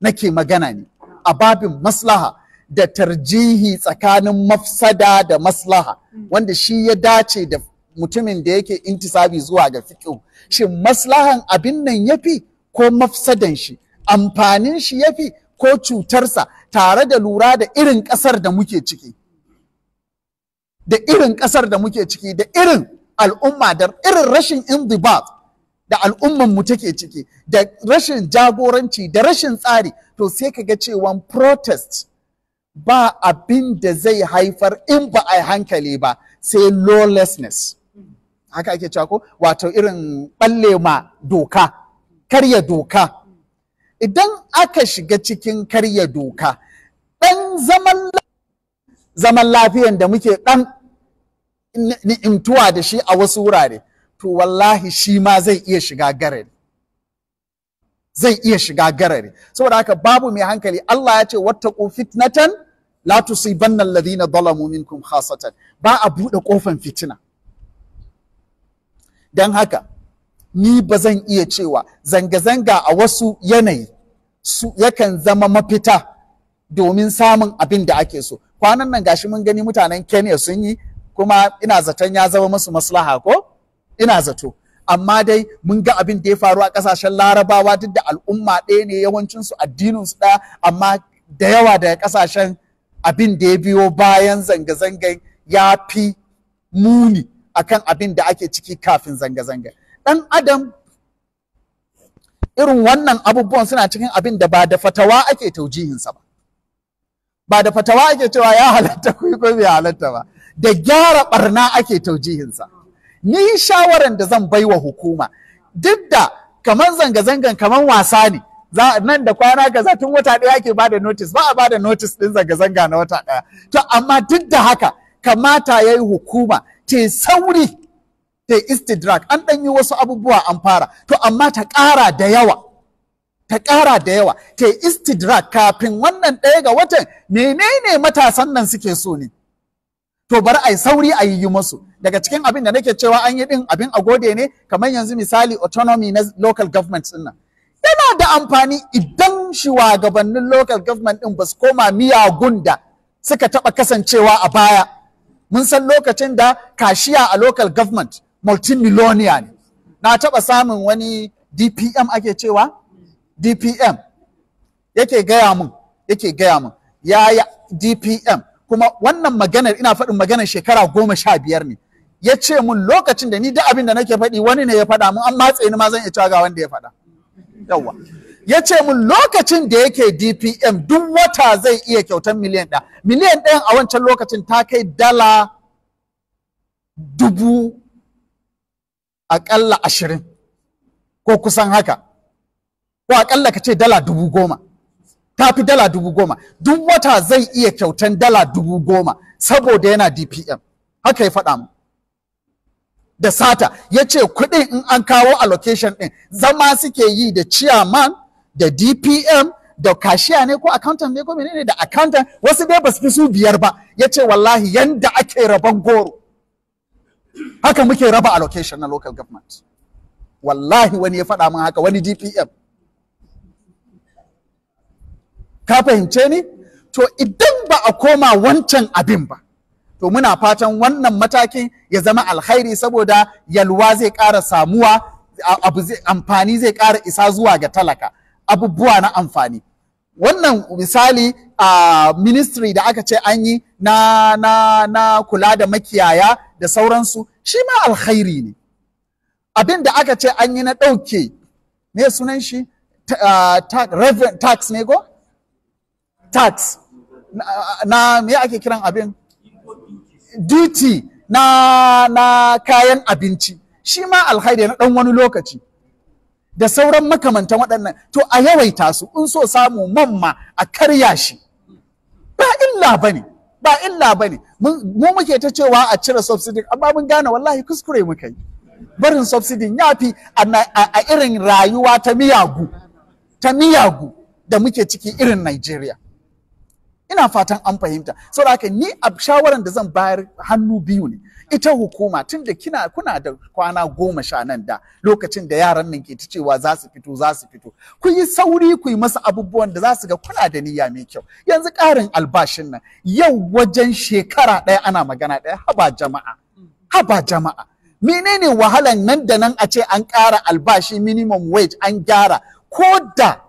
nake magana ne a babin maslaha da tarjihi tsakanin mafsada da maslaha hmm. wanda shi ya dace da mutumin da yake intisabi zuwa ga fiqh shin maslahan abin nan yafi ko mafsadan shi amfanin shi yafi ko cutarsa tare da lura da irin ƙasar da muke ciki da irin ƙasar da muke ciki da irin al'umma da irin rashin indibat da al'umman mu take ciki da rashin jagoranci da rashin tsari to sai ka ga cewa protest ba abin da zai haifar in ba a hankali ba sai lawlessness haka ake cewa ko wato irin balle ma doka karya doka idan aka shiga cikin karya doka ɗan zaman lafiyan da muke ɗan ni'imtuwa da shi a wasu wurare to wallahi shi ma zai iya shiga garari zai iya shiga garari saboda haka babu mai hankali Allah ya ce wattaqu fitnatan la tusibanna alladhina zalamu minkum khasatan ba a buɗe kofan fitina dan haka ni ba zan iya cewa zanga-zanga a wasu yanayi su yakan zama mafita domin samun abin da ake so kwanan nan gashi mun gani mutanen kenya sun yi kuma ina zaton ya zama masu maslaha ko ina zato amma dai mun ga abin da ya faru a kasashen larabawa duk da al'umma ɗaya ne yawancinsu addininsu ɗaya amma da yawa daga kasashen abin da ya biyo bayan zanga-zangan ya fi muni akan abin da ake ciki kafin zanga-zangan ɗan adam irin wannan abubuwan suna cikin abin da ba da fatawa ake taujihinsa ba ba da fatawa ake cewa ya halatta ko bai halatta ba da gyara barna ake taujihinsa ni shawaran da zan bai wa hukuma duk da kamar zanga-zangan kamar wasa ne nan da kwana kaza tun wata ɗaya ake bada notis ba a ba da notice ɗin zanga-zanga na wata ɗaya to amma duk da haka kamata ya yi hukuma ce sauri ta istidrak an ɗan yi wasu abubuwa an fara to amma ta ƙara da yawa ta ƙara da yawa ta istidrak kafin wannan ɗaya ga watan menene matasan nan suke so ne to bari a yi sauri a yi musu. daga cikin abin da nake cewa an yi din abin a gode ne kamar yanzu misali autonomy na local government din nan yana da amfani idan shugabannin local government din ba su koma miyagun da suka taɓa kasancewa a baya mun san lokacin da kashiya a local government multimillionaire ne na taɓa samun wani dpm ake cewa dpm yake gaya mun yake gaya mun ya ya dpm kuma wannan maganar ina faɗin maganar shekara goma sha biyar ne ya ce mun lokacin da ni da abin da nake faɗi wani ne ya faɗa mun an matse ni ma zan iya cewa ga wanda ya faɗa Yawwa. ya ce mun lokacin da yake dpm duk wata zai iya kyautar miliyan ɗaya miliyan ɗayan a wancan lokacin ta kai dala dubu aƙalla ashirin ko kusan haka ko aƙalla ka ce dala dubu goma ta fi dala dubu goma duk wata zai iya kyautan dala dubu goma saboda yana dpm haka ya faɗa mu da sata ya ce kuɗin in an kawo a allocation ɗin zama suke yi da chairman da dpm da kashiya ne ko accountant ne ko menene da accountant wasu dai su fi su biyar ba ya ce wallahi yanda ake rabon goro haka muke raba allocation na local government wallahi wani ya faɗa min haka wani dpm ka fahimce ni to idan ba a koma wancan abin ba to muna fatan wannan matakin ya zama alkhairi saboda yalwa zai ƙara samuwa abu amfani zai ƙara isa zuwa ga talaka abubuwa na amfani wannan misali a uh, ministry da aka ce an yi na, na, na kula da makiyaya da sauransu shi ma alkhairi ne abin da aka ce an yi na ɗauke me sunan shi tax ne go tax na me ake kiran abin duty na na kayan abinci shi ma alkhairi na ɗan wani lokaci da sauran makamantan waɗannan to a yawaita su in so samu mamma a karya shi ba illa ba ne ba illa ba ne mu muke ta cewa a cire subsidy amma mun gane wallahi kuskure muka yi barin subsidy ya fi a irin rayuwa ta miyagu ta miyagu da muke ciki irin Najeriya ina fatan an fahimta saboda haka ni a shawaran da zan bayar hannu biyu ne ita hukuma tun da kina kuna da kwana goma sha nan da lokacin da yaran nan ke ta cewa za su fito za su fito ku yi sauri ku yi masa abubuwan da za su ga kuna da niyya mai kyau yanzu ƙarin albashin nan yau wajen shekara ɗaya ana magana ɗaya haba jama'a haba jama'a menene wahalan nan da nan a ce an ƙara albashi minimum wage an gyara ko da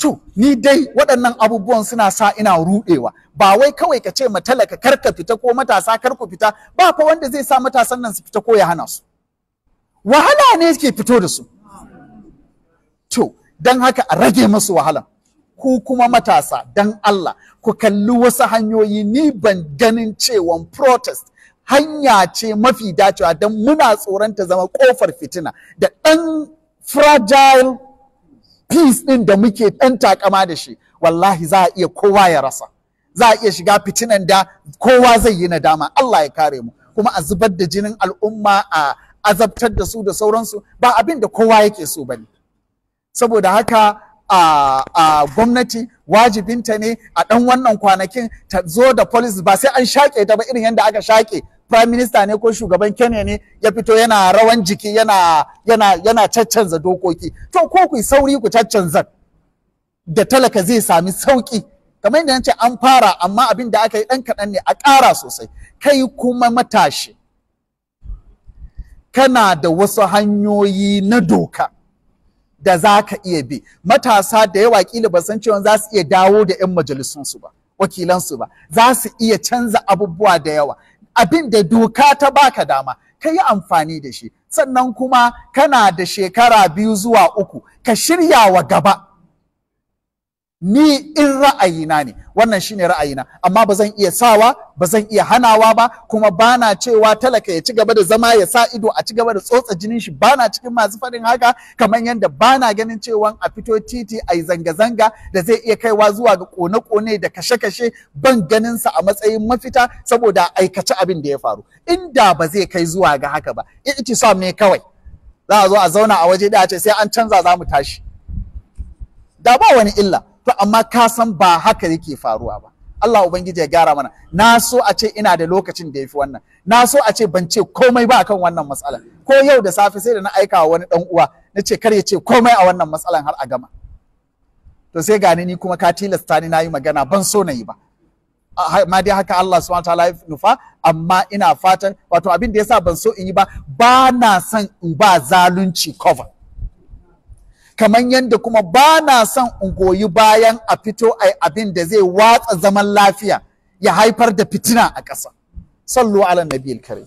to ni dai waɗannan abubuwan suna sa ina ruɗewa ba wai kawai ka ce ma talaka kar ka fita ko matasa kar ku fita ba fa wanda zai sa matasan nan su fita ko ya hana su wahala ne ke fito da su to dan haka a rage masu wahala ku kuma matasa dan Allah ku kalli wasu hanyoyi ni ban ganin cewan protest hanya ce mafi dacewa dan muna tsoron ta zama kofar fitina da ɗan fragile peace ɗin da muke ɗan takama da shi wallahi za a iya kowa ya rasa za a iya shiga fitinan da kowa zai yi nadama Allah ya kare mu kuma a zubar da jinin al'umma a azabtar da su da sauransu ba abin da kowa yake so bane saboda haka a gwamnati wajibinta ne a ɗan wannan kwanakin ta zo da polis ba sai an shaƙe ta ba irin yadda aka shaƙe prime minister ne ko shugaban Kenya ne ya fito yana rawan jiki yana yana yana caccanza dokoki to ko ku sauri ku caccanza da talaka zai sami sauki kamar yadda nace an fara amma abin da aka yi dan kaɗan ne a ƙara sosai kai kuma matashi kana da wasu hanyoyi na doka da za ka iya bi matasa da yawa kila ba san cewa za su iya dawo da 'yan majalisunsu ba wakilansu ba za su iya canza abubuwa da yawa abin da doka ta baka dama ka yi amfani da shi sannan kuma kana da shekara biyu zuwa uku ka shirya wa gaba ni in ra'ayina ne wannan shine ra'ayina amma ba zan iya sawa ba zan iya hanawa ba kuma bana cewa talaka ya ci gaba da zama ya sa ido a ci gaba da tsotsa jinin shi bana cikin masu faɗin haka kamar yadda bana ganin cewa a fito titi a yi zanga-zanga da zai iya kaiwa zuwa ga kone-kone da kashe-kashe ban ganin sa a matsayin mafita saboda aikace abin da ya faru inda ba zai kai zuwa ga haka ba itisam ne kawai za a zo a zauna a waje da ce sai an canza za mu tashi da ba wani illa to amma ka san ba haka yake faruwa ba Allah ubangiji ya gyara mana na so a ce ina da lokacin da ya fi wannan na so a ce ban ce komai ba kan wannan matsala ko yau da safe sai da na aika wa wani dan uwa na ce kar ya ce komai a wannan matsalan har a gama to sai gani ni kuma ka tilasta ni nayi magana ban so na yi ba ma dai haka Allah subhanahu wataala ya nufa amma ina fatan wato abin da yasa ban so in yi ba ba na son in ba zalunci cover kamar yadda kuma ba na son in bayan a fito a abin da zai watsa zaman lafiya ya haifar da fitina a ƙasa. Sallu ala nabiyil kare.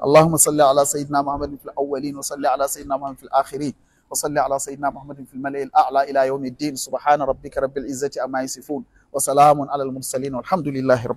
Allahumma salli ala sayyidina Muhammadin fil awwalin wa ala sayyidina Muhammadin fil akhirin wa ala sayyidina Muhammadin fil mala'il a'la ila yawmiddin subhana rabbika rabbil izzati amma yasifun wa salamun ala al mursalin walhamdulillahi